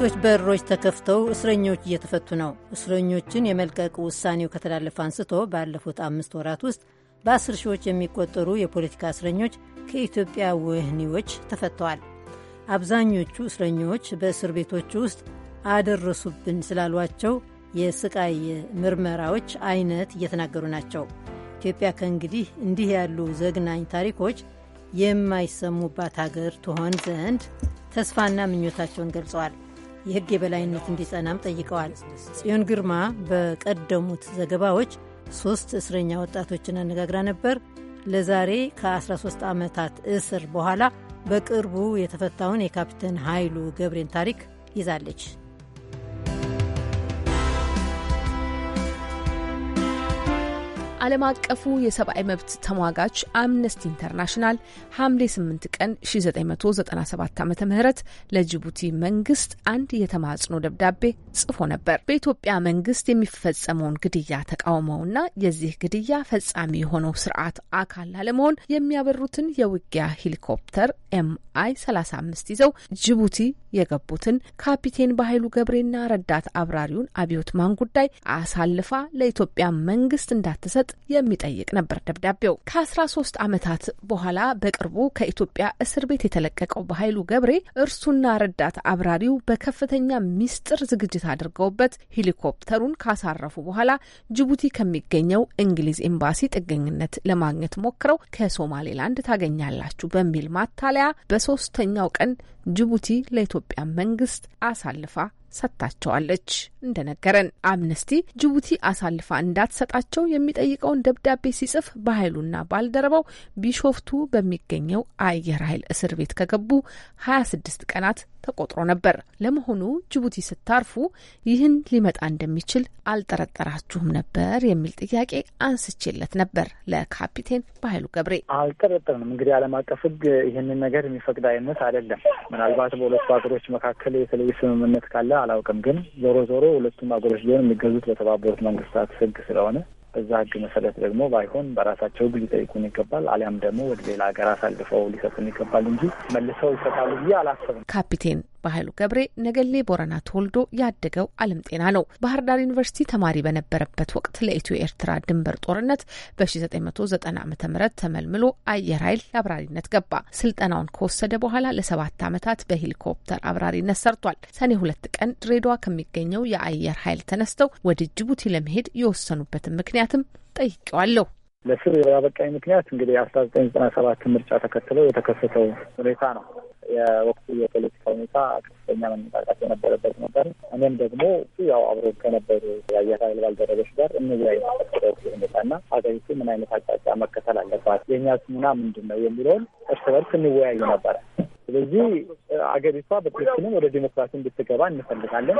ቶች በሮች ተከፍተው እስረኞች እየተፈቱ ነው። እስረኞችን የመልቀቅ ውሳኔው ከተላለፈ አንስቶ ባለፉት አምስት ወራት ውስጥ በአስር ሺዎች የሚቆጠሩ የፖለቲካ እስረኞች ከኢትዮጵያ ወህኒዎች ተፈተዋል። አብዛኞቹ እስረኞች በእስር ቤቶች ውስጥ አደረሱብን ስላሏቸው የስቃይ ምርመራዎች አይነት እየተናገሩ ናቸው። ኢትዮጵያ ከእንግዲህ እንዲህ ያሉ ዘግናኝ ታሪኮች የማይሰሙባት ሀገር ትሆን ዘንድ ተስፋና ምኞታቸውን ገልጸዋል። የሕግ የበላይነት እንዲጸናም ጠይቀዋል። ጽዮን ግርማ በቀደሙት ዘገባዎች ሶስት እስረኛ ወጣቶችን አነጋግራ ነበር። ለዛሬ ከ13 ዓመታት እስር በኋላ በቅርቡ የተፈታውን የካፕቴን ኃይሉ ገብሬን ታሪክ ይዛለች። ዓለም አቀፉ የሰብአዊ መብት ተሟጋች አምነስቲ ኢንተርናሽናል ሐምሌ 8 ቀን 1997 ዓ ም ለጅቡቲ መንግስት አንድ የተማጽኖ ደብዳቤ ጽፎ ነበር። በኢትዮጵያ መንግስት የሚፈጸመውን ግድያ ተቃውመውና የዚህ ግድያ ፈጻሚ የሆነው ስርዓት አካል አለመሆን የሚያበሩትን የውጊያ ሄሊኮፕተር ኤምአይ 35 ይዘው ጅቡቲ የገቡትን ካፒቴን በኃይሉ ገብሬና ረዳት አብራሪውን አብዮት ማን ጉዳይ አሳልፋ ለኢትዮጵያ መንግስት እንዳትሰጥ የሚጠይቅ ነበር ደብዳቤው። ከ13 ዓመታት በኋላ በቅርቡ ከኢትዮጵያ እስር ቤት የተለቀቀው በኃይሉ ገብሬ እርሱና ረዳት አብራሪው በከፍተኛ ሚስጥር ዝግጅት አድርገውበት ሄሊኮፕተሩን ካሳረፉ በኋላ ጅቡቲ ከሚገኘው እንግሊዝ ኤምባሲ ጥገኝነት ለማግኘት ሞክረው ከሶማሌላንድ ታገኛላችሁ በሚል ማታለያ በሶስተኛው ቀን ጅቡቲ ለኢትዮጵያ መንግስት አሳልፋ ሰጥታቸዋለች። እንደነገረን አምነስቲ ጅቡቲ አሳልፋ እንዳትሰጣቸው የሚጠይቀውን ደብዳቤ ሲጽፍ በኃይሉና ባልደረባው ቢሾፍቱ በሚገኘው አየር ኃይል እስር ቤት ከገቡ 26 ቀናት ተቆጥሮ ነበር። ለመሆኑ ጅቡቲ ስታርፉ ይህን ሊመጣ እንደሚችል አልጠረጠራችሁም ነበር የሚል ጥያቄ አንስቼለት ነበር ለካፒቴን በኃይሉ ገብሬ። አልጠረጠርንም። እንግዲህ ዓለም አቀፍ ሕግ ይህንን ነገር የሚፈቅድ አይነት አይደለም። ምናልባት በሁለቱ ሀገሮች መካከል የተለየ ስምምነት ካለ አላውቅም። ግን ዞሮ ዞሮ ሁለቱም ሀገሮች ቢሆን የሚገዙት በተባበሩት መንግስታት ሕግ ስለሆነ በዛ ህግ መሰረት ደግሞ ባይሆን በራሳቸው ህግ ሊጠይቁን ይገባል። አሊያም ደግሞ ወደ ሌላ ሀገር አሳልፈው ሊሰጡን ይገባል እንጂ መልሰው ይሰጣሉ ብዬ አላሰብም። ካፒቴን በኃይሉ ገብሬ ነገሌ ቦረና ተወልዶ ያደገው አለም ጤና ነው። ባህር ዳር ዩኒቨርሲቲ ተማሪ በነበረበት ወቅት ለኢትዮ ኤርትራ ድንበር ጦርነት በ1990 ዓ ም ተመልምሎ አየር ኃይል አብራሪነት ገባ። ስልጠናውን ከወሰደ በኋላ ለሰባት ዓመታት በሄሊኮፕተር አብራሪነት ሰርቷል። ሰኔ ሁለት ቀን ድሬዳዋ ከሚገኘው የአየር ኃይል ተነስተው ወደ ጅቡቲ ለመሄድ የወሰኑበትን ምክንያት ምክንያትም ጠይቀዋለሁ። ለስር ያበቃኝ ምክንያት እንግዲህ አስራ ዘጠኝ ዘጠና ሰባት ምርጫ ተከትሎ የተከሰተው ሁኔታ ነው። የወቅቱ የፖለቲካ ሁኔታ ከፍተኛ መነቃቃት የነበረበት ነበር። እኔም ደግሞ ያው አብሮ ከነበሩ የአየር ኃይል ባልደረቦች ጋር እንወያይ ሁኔታ ሁኔታና ሀገሪቱ ምን አይነት አቅጣጫ መከተል አለባት፣ የእኛ ስሙና ምንድን ነው የሚለውን እርስ በርስ እንወያዩ ነበረ። ስለዚህ አገሪቷ በትክክልም ወደ ዲሞክራሲ እንድትገባ እንፈልጋለን።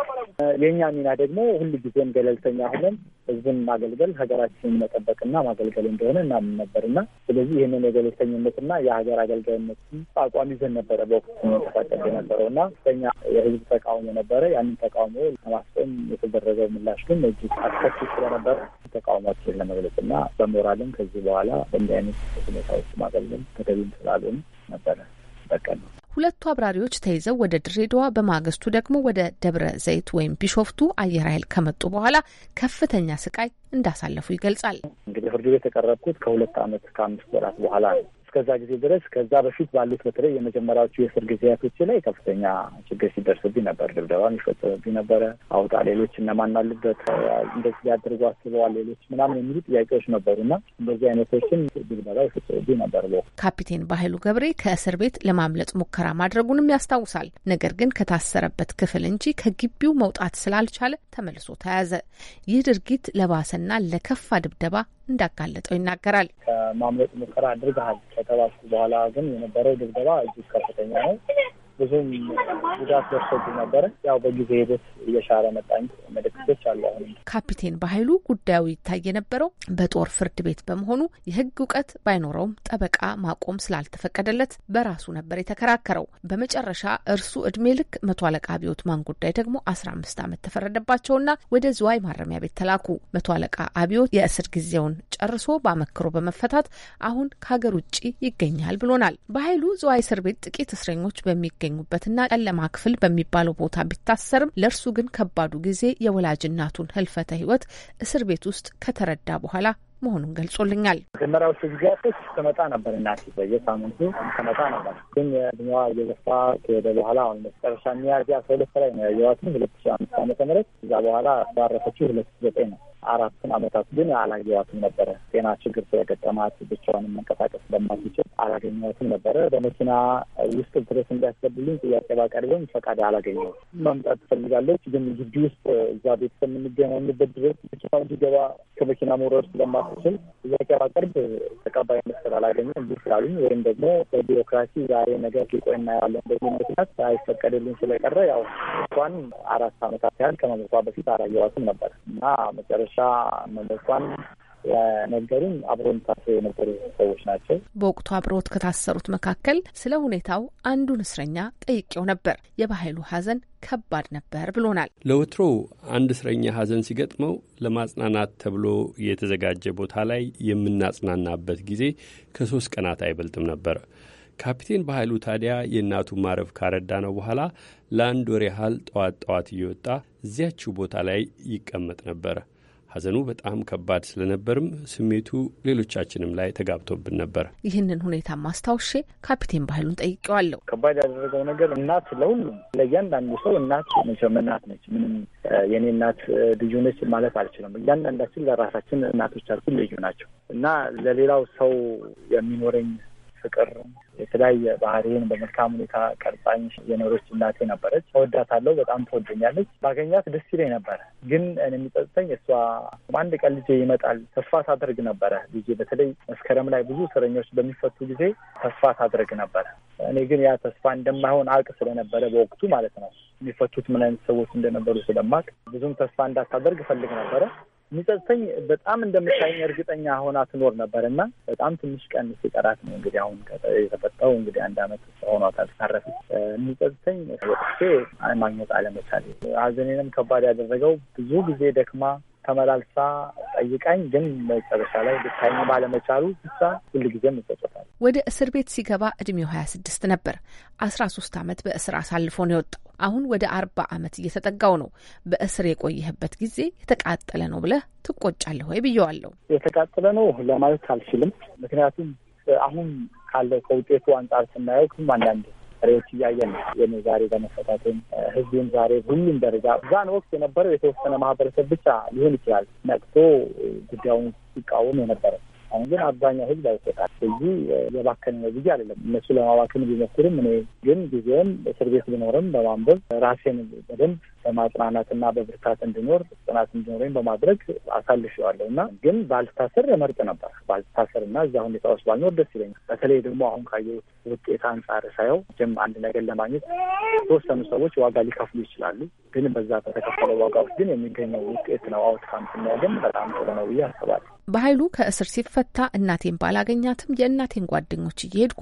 የእኛ ሚና ደግሞ ሁሉ ጊዜም ገለልተኛ ሆነን ህዝብን ማገልገል ሀገራችንን መጠበቅና ማገልገል እንደሆነ እናምን ነበርና ስለዚህ ይህንን የገለልተኝነትና የሀገር አገልጋይነት አቋም ይዘን ነበረ። በወቅቱ ሲንቀሳቀስ የነበረው እና ከፍተኛ የህዝብ ተቃውሞ ነበረ። ያንን ተቃውሞ ለማስቆም የተደረገው ምላሽ ግን እጅግ አስከፊ ስለነበረ ተቃውሟችን ለመግለጽ እና በሞራልም ከዚህ በኋላ በእንዲህ አይነት ሁኔታ ውስጥ ማገልገል ተገቢም ስላልሆነ ነበረ በቀል ነው። ሁለቱ አብራሪዎች ተይዘው ወደ ድሬዳዋ በማግስቱ ደግሞ ወደ ደብረ ዘይት ወይም ቢሾፍቱ አየር ኃይል ከመጡ በኋላ ከፍተኛ ስቃይ እንዳሳለፉ ይገልጻል። እንግዲህ ፍርድ ቤት የቀረብኩት ከሁለት ዓመት ከአምስት ወራት በኋላ ነው። እስከዛ ጊዜ ድረስ ከዛ በፊት ባሉት በተለይ የመጀመሪያዎቹ የእስር ጊዜያቶች ላይ ከፍተኛ ችግር ሲደርስብኝ ነበር። ድብደባ ይፈጸምብኝ ነበረ። አውጣ፣ ሌሎች እነማን አሉበት፣ እንደዚህ ሊያደርጉ አስበዋል፣ ሌሎች ምናምን የሚሉ ጥያቄዎች ነበሩና እንደዚህ አይነቶችን ድብደባ ይፈጸምብኝ ነበር። ካፒቴን ባህሉ ገብሬ ከእስር ቤት ለማምለጥ ሙከራ ማድረጉንም ያስታውሳል። ነገር ግን ከታሰረበት ክፍል እንጂ ከግቢው መውጣት ስላልቻለ ተመልሶ ተያዘ። ይህ ድርጊት ለባሰና ለከፋ ድብደባ እንዳጋለጠው ይናገራል። ከማምለጥ ሙከራ አድርገሃል ከተባልኩ በኋላ ግን የነበረው ድብደባ እጅግ ከፍተኛ ነው። ብዙም ጉዳት ደርሶብ ነበረ። ያው በጊዜ ሂደት እየሻረ መጣኝ። ምልክቶች አሉ። አሁን ካፒቴን በኃይሉ ጉዳዩ ይታይ የነበረው በጦር ፍርድ ቤት በመሆኑ የህግ እውቀት ባይኖረውም ጠበቃ ማቆም ስላልተፈቀደለት በራሱ ነበር የተከራከረው። በመጨረሻ እርሱ እድሜ ልክ መቶ አለቃ አብዮት ማን ጉዳይ ደግሞ አስራ አምስት ዓመት ተፈረደባቸውና ወደ ዝዋይ ማረሚያ ቤት ተላኩ። መቶ አለቃ አብዮት የእስር ጊዜውን ጨርሶ በአመክሮ በመፈታት አሁን ከሀገር ውጭ ይገኛል ብሎናል። በኃይሉ ዝዋይ እስር ቤት ጥቂት እስረኞች በሚገ በሚገኙበትና ጨለማ ክፍል በሚባለው ቦታ ቢታሰርም ለእርሱ ግን ከባዱ ጊዜ የወላጅናቱን ህልፈተ ህይወት እስር ቤት ውስጥ ከተረዳ በኋላ መሆኑን ገልጾልኛል። መጀመሪያ መጀመሪያው ስዝጋቶች ትመጣ ነበር እናት በየሳምንቱ ትመጣ ነበር። ግን እድሜዋ እየገፋ ከሄደ በኋላ አሁን መጨረሻ ሚያዝያ ሰው ልፍ ላይ ነው ያየኋትን ሁለት ሺ አምስት አመተ ምህረት እዛ በኋላ ባረፈችው ሁለት ዘጠኝ ነው አራቱን አመታት ግን አላየዋትም ነበረ። ጤና ችግር ስለገጠማት ብቻዋን መንቀሳቀስ ስለማትችል አላገኘዋትም ነበረ። በመኪና ውስጥ ድረስ እንዲያስገቡልኝ ጥያቄ ባቀርብም ፈቃድ አላገኘው። መምጣት ትፈልጋለች፣ ግን ግቢ ውስጥ እዛ ቤተሰብ የምንገናኝበት ድረስ መኪና እንዲገባ ከመኪና መውረድ ስለማትችል ጥያቄ ባቀርብ ተቀባይነት ስላላገኘ እንዲ ስላሉኝ ወይም ደግሞ በቢሮክራሲ ዛሬ ነገር ሊቆይ ያለን በሚል ምክንያት አይፈቀድልኝ ስለቀረ ያው እንኳን አራት አመታት ያህል ከመሞቷ በፊት አላየዋትም ነበር እና መጨረሻ ጋብቻ መለሷን ነገሩን አብሮን ታስሮ የነበሩ ሰዎች ናቸው። በወቅቱ አብሮት ከታሰሩት መካከል ስለ ሁኔታው አንዱን እስረኛ ጠይቄው ነበር። የባህሉ ሀዘን ከባድ ነበር ብሎናል። ለወትሮ አንድ እስረኛ ሀዘን ሲገጥመው ለማጽናናት ተብሎ የተዘጋጀ ቦታ ላይ የምናጽናናበት ጊዜ ከሶስት ቀናት አይበልጥም ነበር። ካፒቴን ባህሉ ታዲያ የእናቱ ማረፍ ካረዳ ነው በኋላ ለአንድ ወር ያህል ጠዋት ጠዋት እየወጣ እዚያችው ቦታ ላይ ይቀመጥ ነበር። ሐዘኑ በጣም ከባድ ስለነበርም ስሜቱ ሌሎቻችንም ላይ ተጋብቶብን ነበር። ይህንን ሁኔታ ማስታውሼ ካፒቴን ባህሉን ጠይቄዋለሁ። ከባድ ያደረገው ነገር እናት ለሁሉም ለእያንዳንዱ ሰው እናት መቼም እናት ነች። ምንም የኔ እናት ልዩ ነች ማለት አልችልም። እያንዳንዳችን ለራሳችን እናቶቻችን ልዩ ናቸው እና ለሌላው ሰው የሚኖረኝ ፍቅር፣ የተለያየ ባህሪን በመልካም ሁኔታ ቀርጻኝ የኖሮች እናቴ ነበረች። እወዳታለሁ። በጣም ትወደኛለች። ባገኛት ደስ ይለኝ ነበረ። ግን የሚጸጥተኝ እሷ አንድ ቀን ልጄ ይመጣል ተስፋ ታደርግ ነበረ። ልጄ በተለይ መስከረም ላይ ብዙ እስረኞች በሚፈቱ ጊዜ ተስፋ ታደርግ ነበረ። እኔ ግን ያ ተስፋ እንደማይሆን አውቅ ስለነበረ በወቅቱ ማለት ነው የሚፈቱት ምን አይነት ሰዎች እንደነበሩ ስለማቅ ብዙም ተስፋ እንዳታደርግ ፈልግ ነበረ። የሚጸጽተኝ በጣም እንደምታየኝ እርግጠኛ ሆና ትኖር ነበር እና በጣም ትንሽ ቀን ሲቀራት ነው እንግዲህ አሁን የተፈጠው እንግዲህ አንድ አመት ሆኗታል ካረፈች። የሚጸጽተኝ ወጥቼ ማግኘት አለመቻል፣ ሀዘኔንም ከባድ ያደረገው ብዙ ጊዜ ደክማ ተመላልሳ ጠይቃኝ፣ ግን መጨረሻ ላይ ልታኝ ባለመቻሉ ብቻ ሁልጊዜም እጸጸታለሁ። ወደ እስር ቤት ሲገባ እድሜው ሀያ ስድስት ነበር። አስራ ሶስት አመት በእስር አሳልፎ ነው የወጣው። አሁን ወደ አርባ አመት እየተጠጋው ነው። በእስር የቆየህበት ጊዜ የተቃጠለ ነው ብለህ ትቆጫለህ ወይ ብየዋለሁ። የተቃጠለ ነው ለማለት አልችልም። ምክንያቱም አሁን ካለው ከውጤቱ አንጻር ስናየው አንዳንድ ሬዎች እያየን ነው። የኔ ዛሬ ለመፈታተኝ ህዝቡን ዛሬ ሁሉም ደረጃ እዛን ወቅት የነበረው የተወሰነ ማህበረሰብ ብቻ ሊሆን ይችላል ነቅቶ ጉዳዩን ሲቃወም የነበረው አሁን ግን አብዛኛው ህዝብ አይሰጣል። እዚህ የባከን ነው ብዬ አይደለም። እነሱ ለማባከን ቢሞክርም እኔ ግን ጊዜም እስር ቤት ቢኖርም በማንበብ ራሴን በደንብ በማጽናናት በማጽናናትና በብርታት እንድኖር ጽናት እንዲኖረኝ በማድረግ አሳልፌዋለሁ እና ግን ባልታሰር እመርጥ ነበር። ባልታሰር እና እዛ ሁኔታ ውስጥ ባልኖር ደስ ይለኛል። በተለይ ደግሞ አሁን ካየሁት ውጤት አንጻር ሳየው ጅም አንድ ነገር ለማግኘት የተወሰኑ ሰዎች ዋጋ ሊከፍሉ ይችላሉ። ግን በዛ በተከፈለ ዋጋ ውስጥ ግን የሚገኘው ውጤት ነው አውትካም ስናያገኝ በጣም ጥሩ ነው ብዬ አስባለሁ። በኃይሉ ከእስር ሲፈታ እናቴን ባላገኛትም የእናቴን ጓደኞች እየሄድኩ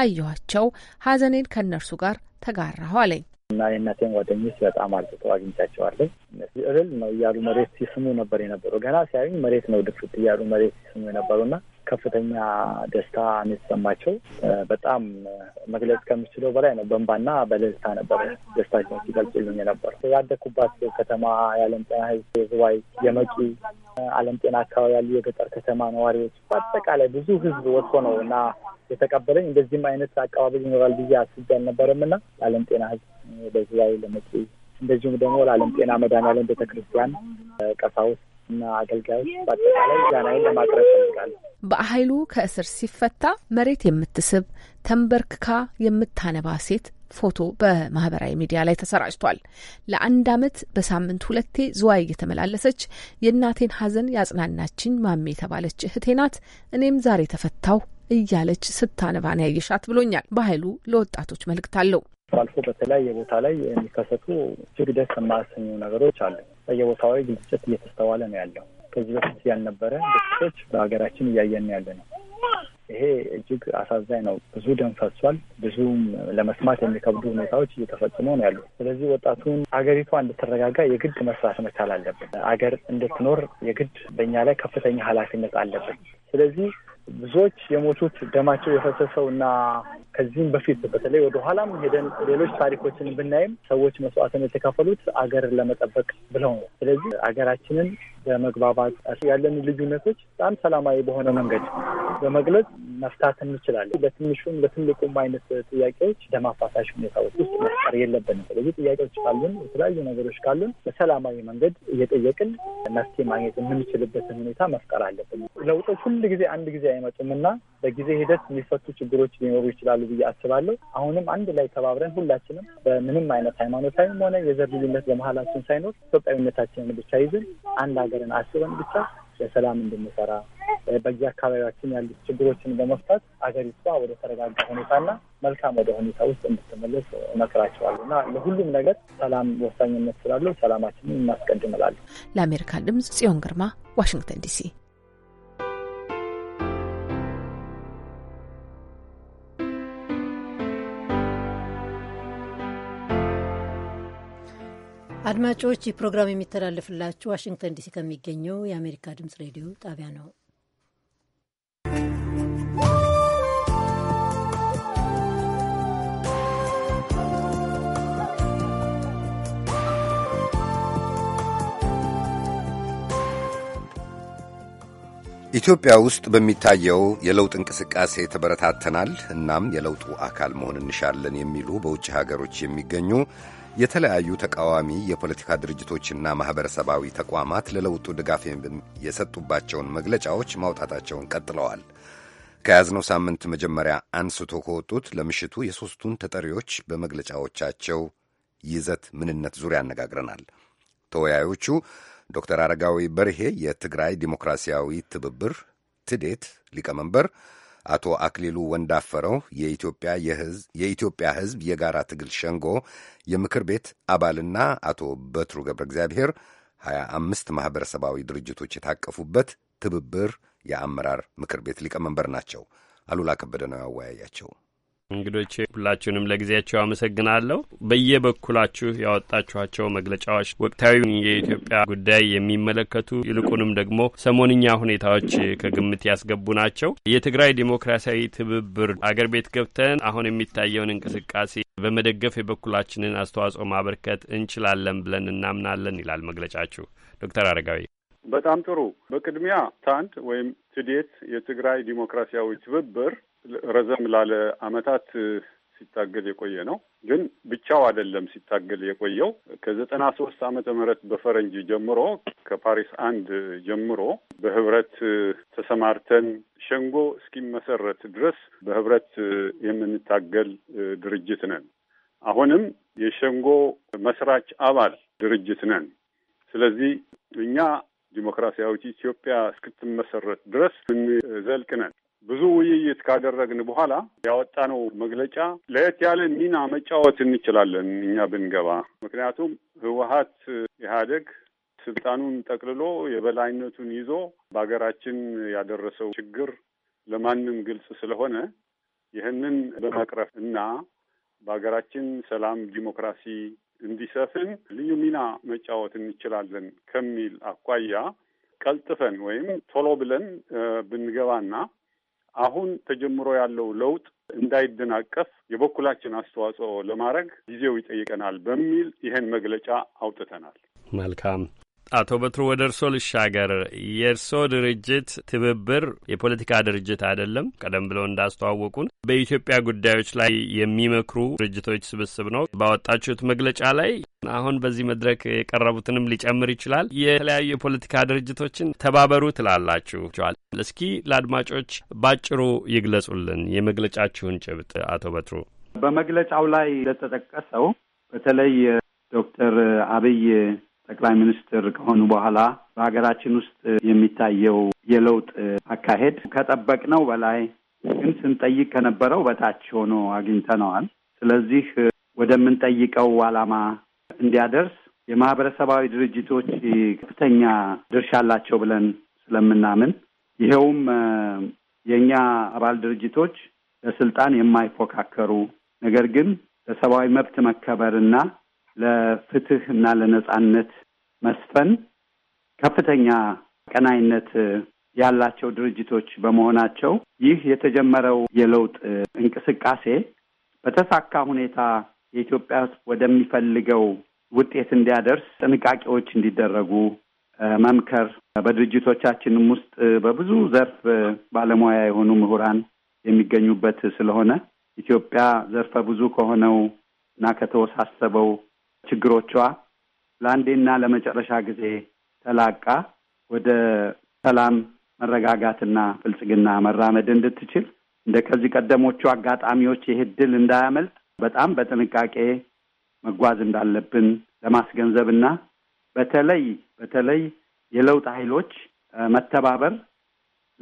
አየኋቸው፣ ሀዘኔን ከእነርሱ ጋር ተጋራሁ አለኝ። እና የእናቴን ጓደኞች በጣም አልጥጦ አግኝቻቸዋለሁ። እህል ነው እያሉ መሬት ሲስሙ ነበር የነበረው። ገና ሲያዩኝ መሬት ነው ድፍት እያሉ መሬት ሲስሙ የነበሩና ከፍተኛ ደስታ ነው በጣም መግለጽ ከምችለው በላይ ነው። በንባና በደስታ ነበር ደስታቸው ሲገልጽልኝ የነበረ። ያደኩባት ከተማ የዓለም ጤና ህዝብ የዝዋይ፣ የመቂ ዓለም ጤና አካባቢ ያሉ የገጠር ከተማ ነዋሪዎች፣ በአጠቃላይ ብዙ ህዝብ ወጥቶ ነው እና የተቀበለኝ። እንደዚህም አይነት አቀባበል ይኖራል ብዬ አስቤ አልነበረም እና የዓለም ጤና ሕዝብ በዝዋይ፣ ለመቂ እንደዚሁም ደግሞ ለዓለም ጤና መድኃኔዓለም ቤተክርስቲያን ቀሳውስት እና አገልጋዮች በአጠቃላይ ዛናይን ለማቅረብ ፈልጋለሁ። በሀይሉ ከእስር ሲፈታ መሬት የምትስብ ተንበርክካ የምታነባ ሴት ፎቶ በማህበራዊ ሚዲያ ላይ ተሰራጭቷል። ለአንድ ዓመት በሳምንት ሁለቴ ዝዋይ እየተመላለሰች የእናቴን ሐዘን ያጽናናችኝ ማሜ የተባለች እህቴ ናት። እኔም ዛሬ ተፈታው እያለች ስታነባን ያየሻት ብሎኛል። በሀይሉ ለወጣቶች መልእክት አለው። አልፎ በተለያየ ቦታ ላይ የሚከሰቱ እጅግ ደስ የማያሰኙ ነገሮች አሉ። በየቦታዊ ግጭት እየተስተዋለ ነው ያለው። ከዚህ በፊት ያልነበረ ግጭቶች በሀገራችን እያየን ያለ ነው። ይሄ እጅግ አሳዛኝ ነው። ብዙ ደም ፈሷል። ብዙም ለመስማት የሚከብዱ ሁኔታዎች እየተፈጽሞ ነው ያሉ። ስለዚህ ወጣቱን አገሪቷ እንድትረጋጋ የግድ መስራት መቻል አለብን። አገር እንድትኖር የግድ በእኛ ላይ ከፍተኛ ኃላፊነት አለብን። ስለዚህ ብዙዎች የሞቱት ደማቸው የፈሰሰው እና ከዚህም በፊት በተለይ ወደ ኋላም ሄደን ሌሎች ታሪኮችን ብናይም ሰዎች መስዋዕትን የተካፈሉት አገርን ለመጠበቅ ብለው ነው። ስለዚህ አገራችንን በመግባባት ያለን ልዩነቶች በጣም ሰላማዊ በሆነ መንገድ በመግለጽ መፍታት እንችላለን። በትንሹም በትልቁም አይነት ጥያቄዎች ደም አፋሳሽ ሁኔታዎች ውስጥ መፍጠር የለብንም። ስለዚህ ጥያቄዎች ካሉን፣ የተለያዩ ነገሮች ካሉን በሰላማዊ መንገድ እየጠየቅን መፍትሄ ማግኘት የምንችልበትን ሁኔታ መፍጠር አለብን። ለውጦች ሁል ጊዜ አንድ ጊዜ አይመጡም እና በጊዜ ሂደት የሚፈቱ ችግሮች ሊኖሩ ይችላሉ። ብዬ አስባለሁ። አሁንም አንድ ላይ ተባብረን ሁላችንም በምንም አይነት ሃይማኖታዊም ሆነ የዘር ልዩነት በመሀላችን ሳይኖር ኢትዮጵያዊነታችንን ብቻ ይዘን አንድ ሀገርን አስበን ብቻ ለሰላም እንድንሰራ በየአካባቢያችን ያሉት ችግሮችን በመፍታት አገሪቷ ወደ ተረጋጋ ሁኔታና መልካም ወደ ሁኔታ ውስጥ እንድትመለስ እመክራቸዋለሁ እና ለሁሉም ነገር ሰላም ወሳኝነት ስላለው ሰላማችንን እናስቀድምላለን። ለአሜሪካ ድምፅ ጽዮን ግርማ ዋሽንግተን ዲሲ አድማጮች ይህ ፕሮግራም የሚተላለፍላችሁ ዋሽንግተን ዲሲ ከሚገኘው የአሜሪካ ድምጽ ሬዲዮ ጣቢያ ነው። ኢትዮጵያ ውስጥ በሚታየው የለውጥ እንቅስቃሴ ተበረታተናል፣ እናም የለውጡ አካል መሆን እንሻለን የሚሉ በውጭ ሀገሮች የሚገኙ የተለያዩ ተቃዋሚ የፖለቲካ ድርጅቶችና ማኅበረሰባዊ ተቋማት ለለውጡ ድጋፍ የሰጡባቸውን መግለጫዎች ማውጣታቸውን ቀጥለዋል። ከያዝነው ሳምንት መጀመሪያ አንስቶ ከወጡት ለምሽቱ የሦስቱን ተጠሪዎች በመግለጫዎቻቸው ይዘት ምንነት ዙሪያ አነጋግረናል። ተወያዮቹ ዶክተር አረጋዊ በርሄ የትግራይ ዲሞክራሲያዊ ትብብር ትዴት ሊቀመንበር አቶ አክሊሉ ወንዳፈረው የኢትዮጵያ ሕዝብ የጋራ ትግል ሸንጎ የምክር ቤት አባልና አቶ በትሩ ገብረ እግዚአብሔር ሀያ አምስት ማኅበረሰባዊ ድርጅቶች የታቀፉበት ትብብር የአመራር ምክር ቤት ሊቀመንበር ናቸው። አሉላ ከበደ ነው ያወያያቸው። እንግዶች ሁላችሁንም ለጊዜያቸው አመሰግናለሁ። በየበኩላችሁ ያወጣችኋቸው መግለጫዎች ወቅታዊ የኢትዮጵያ ጉዳይ የሚመለከቱ ይልቁንም ደግሞ ሰሞንኛ ሁኔታዎች ከግምት ያስገቡ ናቸው። የትግራይ ዲሞክራሲያዊ ትብብር አገር ቤት ገብተን አሁን የሚታየውን እንቅስቃሴ በመደገፍ የበኩላችንን አስተዋጽኦ ማበርከት እንችላለን ብለን እናምናለን ይላል መግለጫችሁ። ዶክተር አረጋዊ በጣም ጥሩ። በቅድሚያ ታንድ ወይም ትዴት የትግራይ ዲሞክራሲያዊ ትብብር ረዘም ላለ አመታት ሲታገል የቆየ ነው። ግን ብቻው አይደለም ሲታገል የቆየው ከዘጠና ሶስት አመተ ምህረት በፈረንጅ ጀምሮ ከፓሪስ አንድ ጀምሮ በህብረት ተሰማርተን ሸንጎ እስኪመሰረት ድረስ በህብረት የምንታገል ድርጅት ነን። አሁንም የሸንጎ መስራች አባል ድርጅት ነን። ስለዚህ እኛ ዲሞክራሲያዊት ኢትዮጵያ እስክትመሰረት ድረስ እንዘልቅ ነን። ብዙ ውይይት ካደረግን በኋላ ያወጣነው መግለጫ ለየት ያለ ሚና መጫወት እንችላለን እኛ ብንገባ። ምክንያቱም ህወሀት ኢህአደግ ስልጣኑን ጠቅልሎ የበላይነቱን ይዞ በሀገራችን ያደረሰው ችግር ለማንም ግልጽ ስለሆነ ይህንን በመቅረፍ እና በሀገራችን ሰላም፣ ዲሞክራሲ እንዲሰፍን ልዩ ሚና መጫወት እንችላለን ከሚል አኳያ ቀልጥፈን ወይም ቶሎ ብለን ብንገባና አሁን ተጀምሮ ያለው ለውጥ እንዳይደናቀፍ የበኩላችን አስተዋጽኦ ለማድረግ ጊዜው ይጠይቀናል በሚል ይህን መግለጫ አውጥተናል። መልካም አቶ በትሮ ወደ እርሶ ልሻገር። የእርሶ ድርጅት ትብብር የፖለቲካ ድርጅት አይደለም። ቀደም ብለው እንዳስተዋወቁን በኢትዮጵያ ጉዳዮች ላይ የሚመክሩ ድርጅቶች ስብስብ ነው። ባወጣችሁት መግለጫ ላይ አሁን በዚህ መድረክ የቀረቡትንም ሊጨምር ይችላል የተለያዩ የፖለቲካ ድርጅቶችን ተባበሩ ትላላችሁ። እስኪ ለአድማጮች ባጭሩ ይግለጹልን የመግለጫችሁን ጭብጥ አቶ በትሮ። በመግለጫው ላይ ለተጠቀሰው በተለይ ዶክተር አብይ ጠቅላይ ሚኒስትር ከሆኑ በኋላ በሀገራችን ውስጥ የሚታየው የለውጥ አካሄድ ከጠበቅነው በላይ ግን ስንጠይቅ ከነበረው በታች ሆኖ አግኝተነዋል። ስለዚህ ወደምንጠይቀው ዓላማ እንዲያደርስ የማህበረሰባዊ ድርጅቶች ከፍተኛ ድርሻ አላቸው ብለን ስለምናምን ይኸውም የእኛ አባል ድርጅቶች ለስልጣን የማይፎካከሩ ነገር ግን ለሰብአዊ መብት መከበርና ለፍትህ እና ለነጻነት መስፈን ከፍተኛ ቀናይነት ያላቸው ድርጅቶች በመሆናቸው ይህ የተጀመረው የለውጥ እንቅስቃሴ በተሳካ ሁኔታ የኢትዮጵያ ወደሚፈልገው ውጤት እንዲያደርስ ጥንቃቄዎች እንዲደረጉ መምከር፣ በድርጅቶቻችንም ውስጥ በብዙ ዘርፍ ባለሙያ የሆኑ ምሁራን የሚገኙበት ስለሆነ ኢትዮጵያ ዘርፈ ብዙ ከሆነው እና ከተወሳሰበው ችግሮቿ ለአንዴና ለመጨረሻ ጊዜ ተላቃ ወደ ሰላም መረጋጋትና ብልጽግና መራመድ እንድትችል እንደ ከዚህ ቀደሞቹ አጋጣሚዎች ይህ ድል እንዳያመልጥ በጣም በጥንቃቄ መጓዝ እንዳለብን ለማስገንዘብና በተለይ በተለይ የለውጥ ኃይሎች መተባበር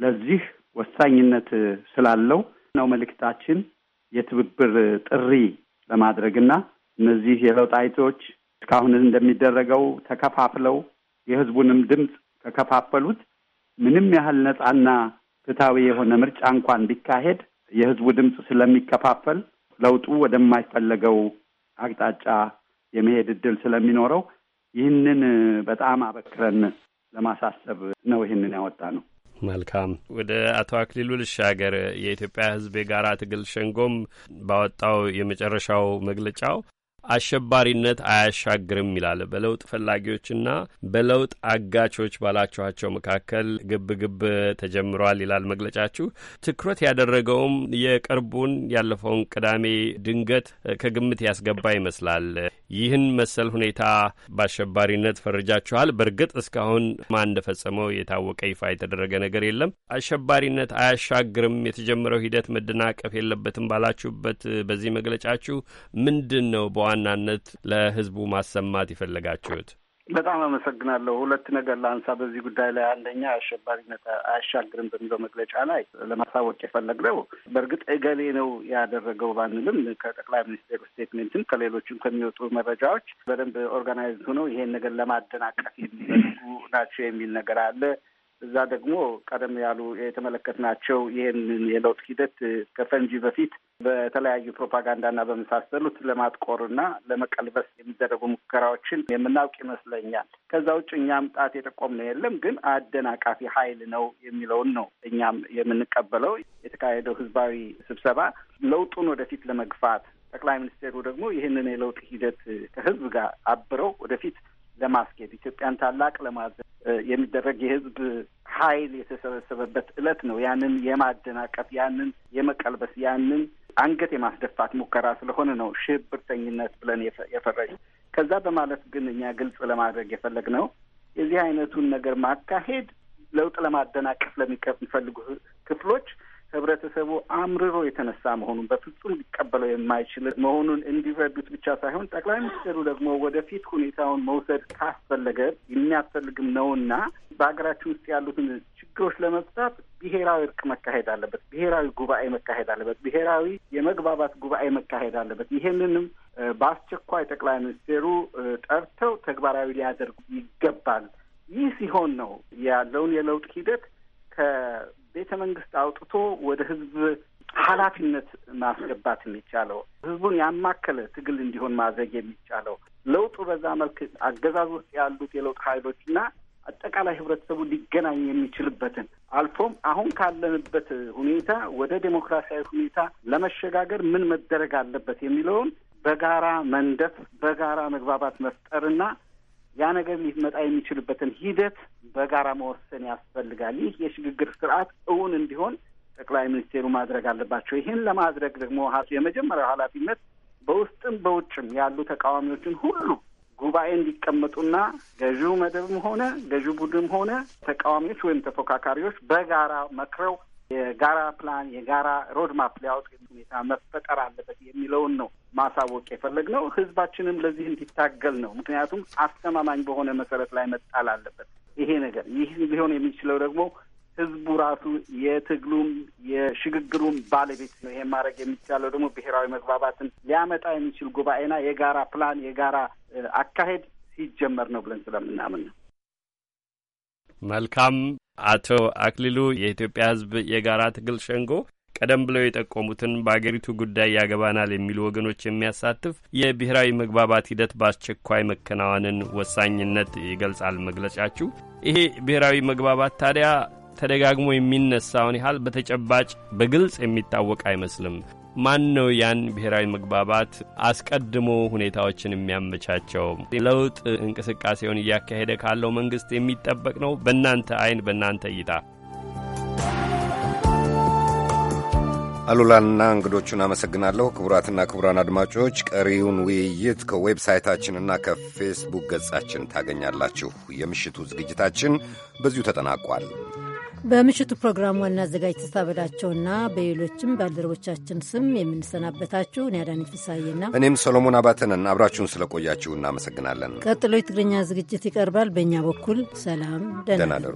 ለዚህ ወሳኝነት ስላለው ነው መልእክታችን የትብብር ጥሪ ለማድረግና እነዚህ የለውጥ አይቶች እስካሁን እንደሚደረገው ተከፋፍለው የህዝቡንም ድምፅ ከከፋፈሉት ምንም ያህል ነጻና ፍትሐዊ የሆነ ምርጫ እንኳን ቢካሄድ የህዝቡ ድምፅ ስለሚከፋፈል ለውጡ ወደማይፈለገው አቅጣጫ የመሄድ እድል ስለሚኖረው ይህንን በጣም አበክረን ለማሳሰብ ነው ይህንን ያወጣ ነው። መልካም ወደ አቶ አክሊሉ ልሻገር። የኢትዮጵያ ህዝብ የጋራ ትግል ሸንጎም ባወጣው የመጨረሻው መግለጫው አሸባሪነት አያሻግርም ይላል። በለውጥ ፈላጊዎችና በለውጥ አጋቾች ባላችኋቸው መካከል ግብ ግብ ተጀምሯል ይላል መግለጫችሁ። ትኩረት ያደረገውም የቅርቡን ያለፈውን ቅዳሜ ድንገት ከግምት ያስገባ ይመስላል። ይህን መሰል ሁኔታ በአሸባሪነት ፈርጃችኋል። በእርግጥ እስካሁን ማን እንደፈጸመው የታወቀ ይፋ የተደረገ ነገር የለም። አሸባሪነት አያሻግርም የተጀመረው ሂደት መደናቀፍ የለበትም ባላችሁበት በዚህ መግለጫችሁ ምንድን ነው በዋ በዋናነት ለህዝቡ ማሰማት የፈለጋችሁት? በጣም አመሰግናለሁ። ሁለት ነገር ለአንሳ በዚህ ጉዳይ ላይ አንደኛ አሸባሪነት አያሻግርም በሚለው መግለጫ ላይ ለማሳወቅ የፈለግነው በእርግጥ እገሌ ነው ያደረገው ባንልም ከጠቅላይ ሚኒስቴሩ ስቴትሜንትም ከሌሎችም ከሚወጡ መረጃዎች በደንብ ኦርጋናይዝ ሆነው ይሄን ነገር ለማደናቀፍ የሚመጡ ናቸው የሚል ነገር አለ። እዛ ደግሞ ቀደም ያሉ የተመለከትናቸው ይህንን የለውጥ ሂደት ከፈንጂ በፊት በተለያዩ ፕሮፓጋንዳና በመሳሰሉት ለማጥቆርና ለመቀልበስ የሚደረጉ ሙከራዎችን የምናውቅ ይመስለኛል። ከዛ ውጭ እኛም ጣት የጠቆምነው የለም፣ ግን አደናቃፊ ኃይል ነው የሚለውን ነው እኛም የምንቀበለው። የተካሄደው ህዝባዊ ስብሰባ ለውጡን ወደፊት ለመግፋት ጠቅላይ ሚኒስቴሩ ደግሞ ይህንን የለውጥ ሂደት ከህዝብ ጋር አብረው ወደፊት ለማስኬድ ኢትዮጵያን ታላቅ ለማድረግ የሚደረግ የህዝብ ኃይል የተሰበሰበበት እለት ነው። ያንን የማደናቀፍ ያንን የመቀልበስ ያንን አንገት የማስደፋት ሙከራ ስለሆነ ነው ሽብርተኝነት ብለን የፈረጅ ከዛ በማለት ግን እኛ ግልጽ ለማድረግ የፈለግ ነው የዚህ አይነቱን ነገር ማካሄድ ለውጥ ለማደናቀፍ ለሚፈልጉ ክፍሎች ህብረተሰቡ አምርሮ የተነሳ መሆኑን በፍጹም ሊቀበለው የማይችል መሆኑን እንዲረዱት ብቻ ሳይሆን ጠቅላይ ሚኒስትሩ ደግሞ ወደፊት ሁኔታውን መውሰድ ካስፈለገ የሚያስፈልግም ነውና በሀገራችን ውስጥ ያሉትን ችግሮች ለመፍታት ብሔራዊ እርቅ መካሄድ አለበት። ብሔራዊ ጉባኤ መካሄድ አለበት። ብሔራዊ የመግባባት ጉባኤ መካሄድ አለበት። ይሄንንም በአስቸኳይ ጠቅላይ ሚኒስትሩ ጠርተው ተግባራዊ ሊያደርጉ ይገባል። ይህ ሲሆን ነው ያለውን የለውጥ ሂደት ቤተ መንግስት አውጥቶ ወደ ህዝብ ኃላፊነት ማስገባት የሚቻለው ህዝቡን ያማከለ ትግል እንዲሆን ማድረግ የሚቻለው ለውጡ በዛ መልክ አገዛዝ ውስጥ ያሉት የለውጥ ኃይሎችና አጠቃላይ ህብረተሰቡ ሊገናኝ የሚችልበትን አልፎም አሁን ካለንበት ሁኔታ ወደ ዴሞክራሲያዊ ሁኔታ ለመሸጋገር ምን መደረግ አለበት የሚለውን በጋራ መንደፍ በጋራ መግባባት መፍጠርና ያ ነገር ሊመጣ የሚችልበትን ሂደት በጋራ መወሰን ያስፈልጋል። ይህ የሽግግር ስርዓት እውን እንዲሆን ጠቅላይ ሚኒስቴሩ ማድረግ አለባቸው። ይህን ለማድረግ ደግሞ የመጀመሪያው ኃላፊነት በውስጥም በውጭም ያሉ ተቃዋሚዎችን ሁሉ ጉባኤ እንዲቀመጡና ገዢው መደብም ሆነ ገዢው ቡድንም ሆነ ተቃዋሚዎች ወይም ተፎካካሪዎች በጋራ መክረው የጋራ ፕላን የጋራ ሮድማፕ ሊያወጡ ሁኔታ መፈጠር አለበት የሚለውን ነው ማሳወቅ የፈለግነው። ህዝባችንም ለዚህ እንዲታገል ነው። ምክንያቱም አስተማማኝ በሆነ መሰረት ላይ መጣል አለበት ይሄ ነገር። ይህ ሊሆን የሚችለው ደግሞ ህዝቡ ራሱ የትግሉም የሽግግሩም ባለቤት ነው። ይሄን ማድረግ የሚቻለው ደግሞ ብሔራዊ መግባባትን ሊያመጣ የሚችል ጉባኤና የጋራ ፕላን የጋራ አካሄድ ሲጀመር ነው ብለን ስለምናምን ነው። መልካም አቶ አክሊሉ የኢትዮጵያ ሕዝብ የጋራ ትግል ሸንጎ ቀደም ብለው የጠቆሙትን በአገሪቱ ጉዳይ ያገባናል የሚሉ ወገኖች የሚያሳትፍ የብሔራዊ መግባባት ሂደት በአስቸኳይ መከናወንን ወሳኝነት ይገልጻል መግለጫችሁ። ይሄ ብሔራዊ መግባባት ታዲያ ተደጋግሞ የሚነሳውን ያህል በተጨባጭ በግልጽ የሚታወቅ አይመስልም። ማን ነው ያን ብሔራዊ መግባባት አስቀድሞ ሁኔታዎችን የሚያመቻቸው? ለውጥ እንቅስቃሴውን እያካሄደ ካለው መንግስት የሚጠበቅ ነው? በእናንተ አይን፣ በእናንተ እይታ አሉላና እንግዶቹን አመሰግናለሁ። ክቡራትና ክቡራን አድማጮች ቀሪውን ውይይት ከዌብሳይታችንና ከፌስቡክ ገጻችን ታገኛላችሁ። የምሽቱ ዝግጅታችን በዚሁ ተጠናቋል። በምሽቱ ፕሮግራም ዋና አዘጋጅ ተስታበላቸውና በሌሎችም ባልደረቦቻችን ስም የምንሰናበታችሁ እኔ አዳነች ፍስሐዬና እኔም ሰሎሞን አባተነን አብራችሁን ስለቆያችሁ እናመሰግናለን። ቀጥሎ የትግርኛ ዝግጅት ይቀርባል። በእኛ በኩል ሰላም፣ ደህና ደሩ።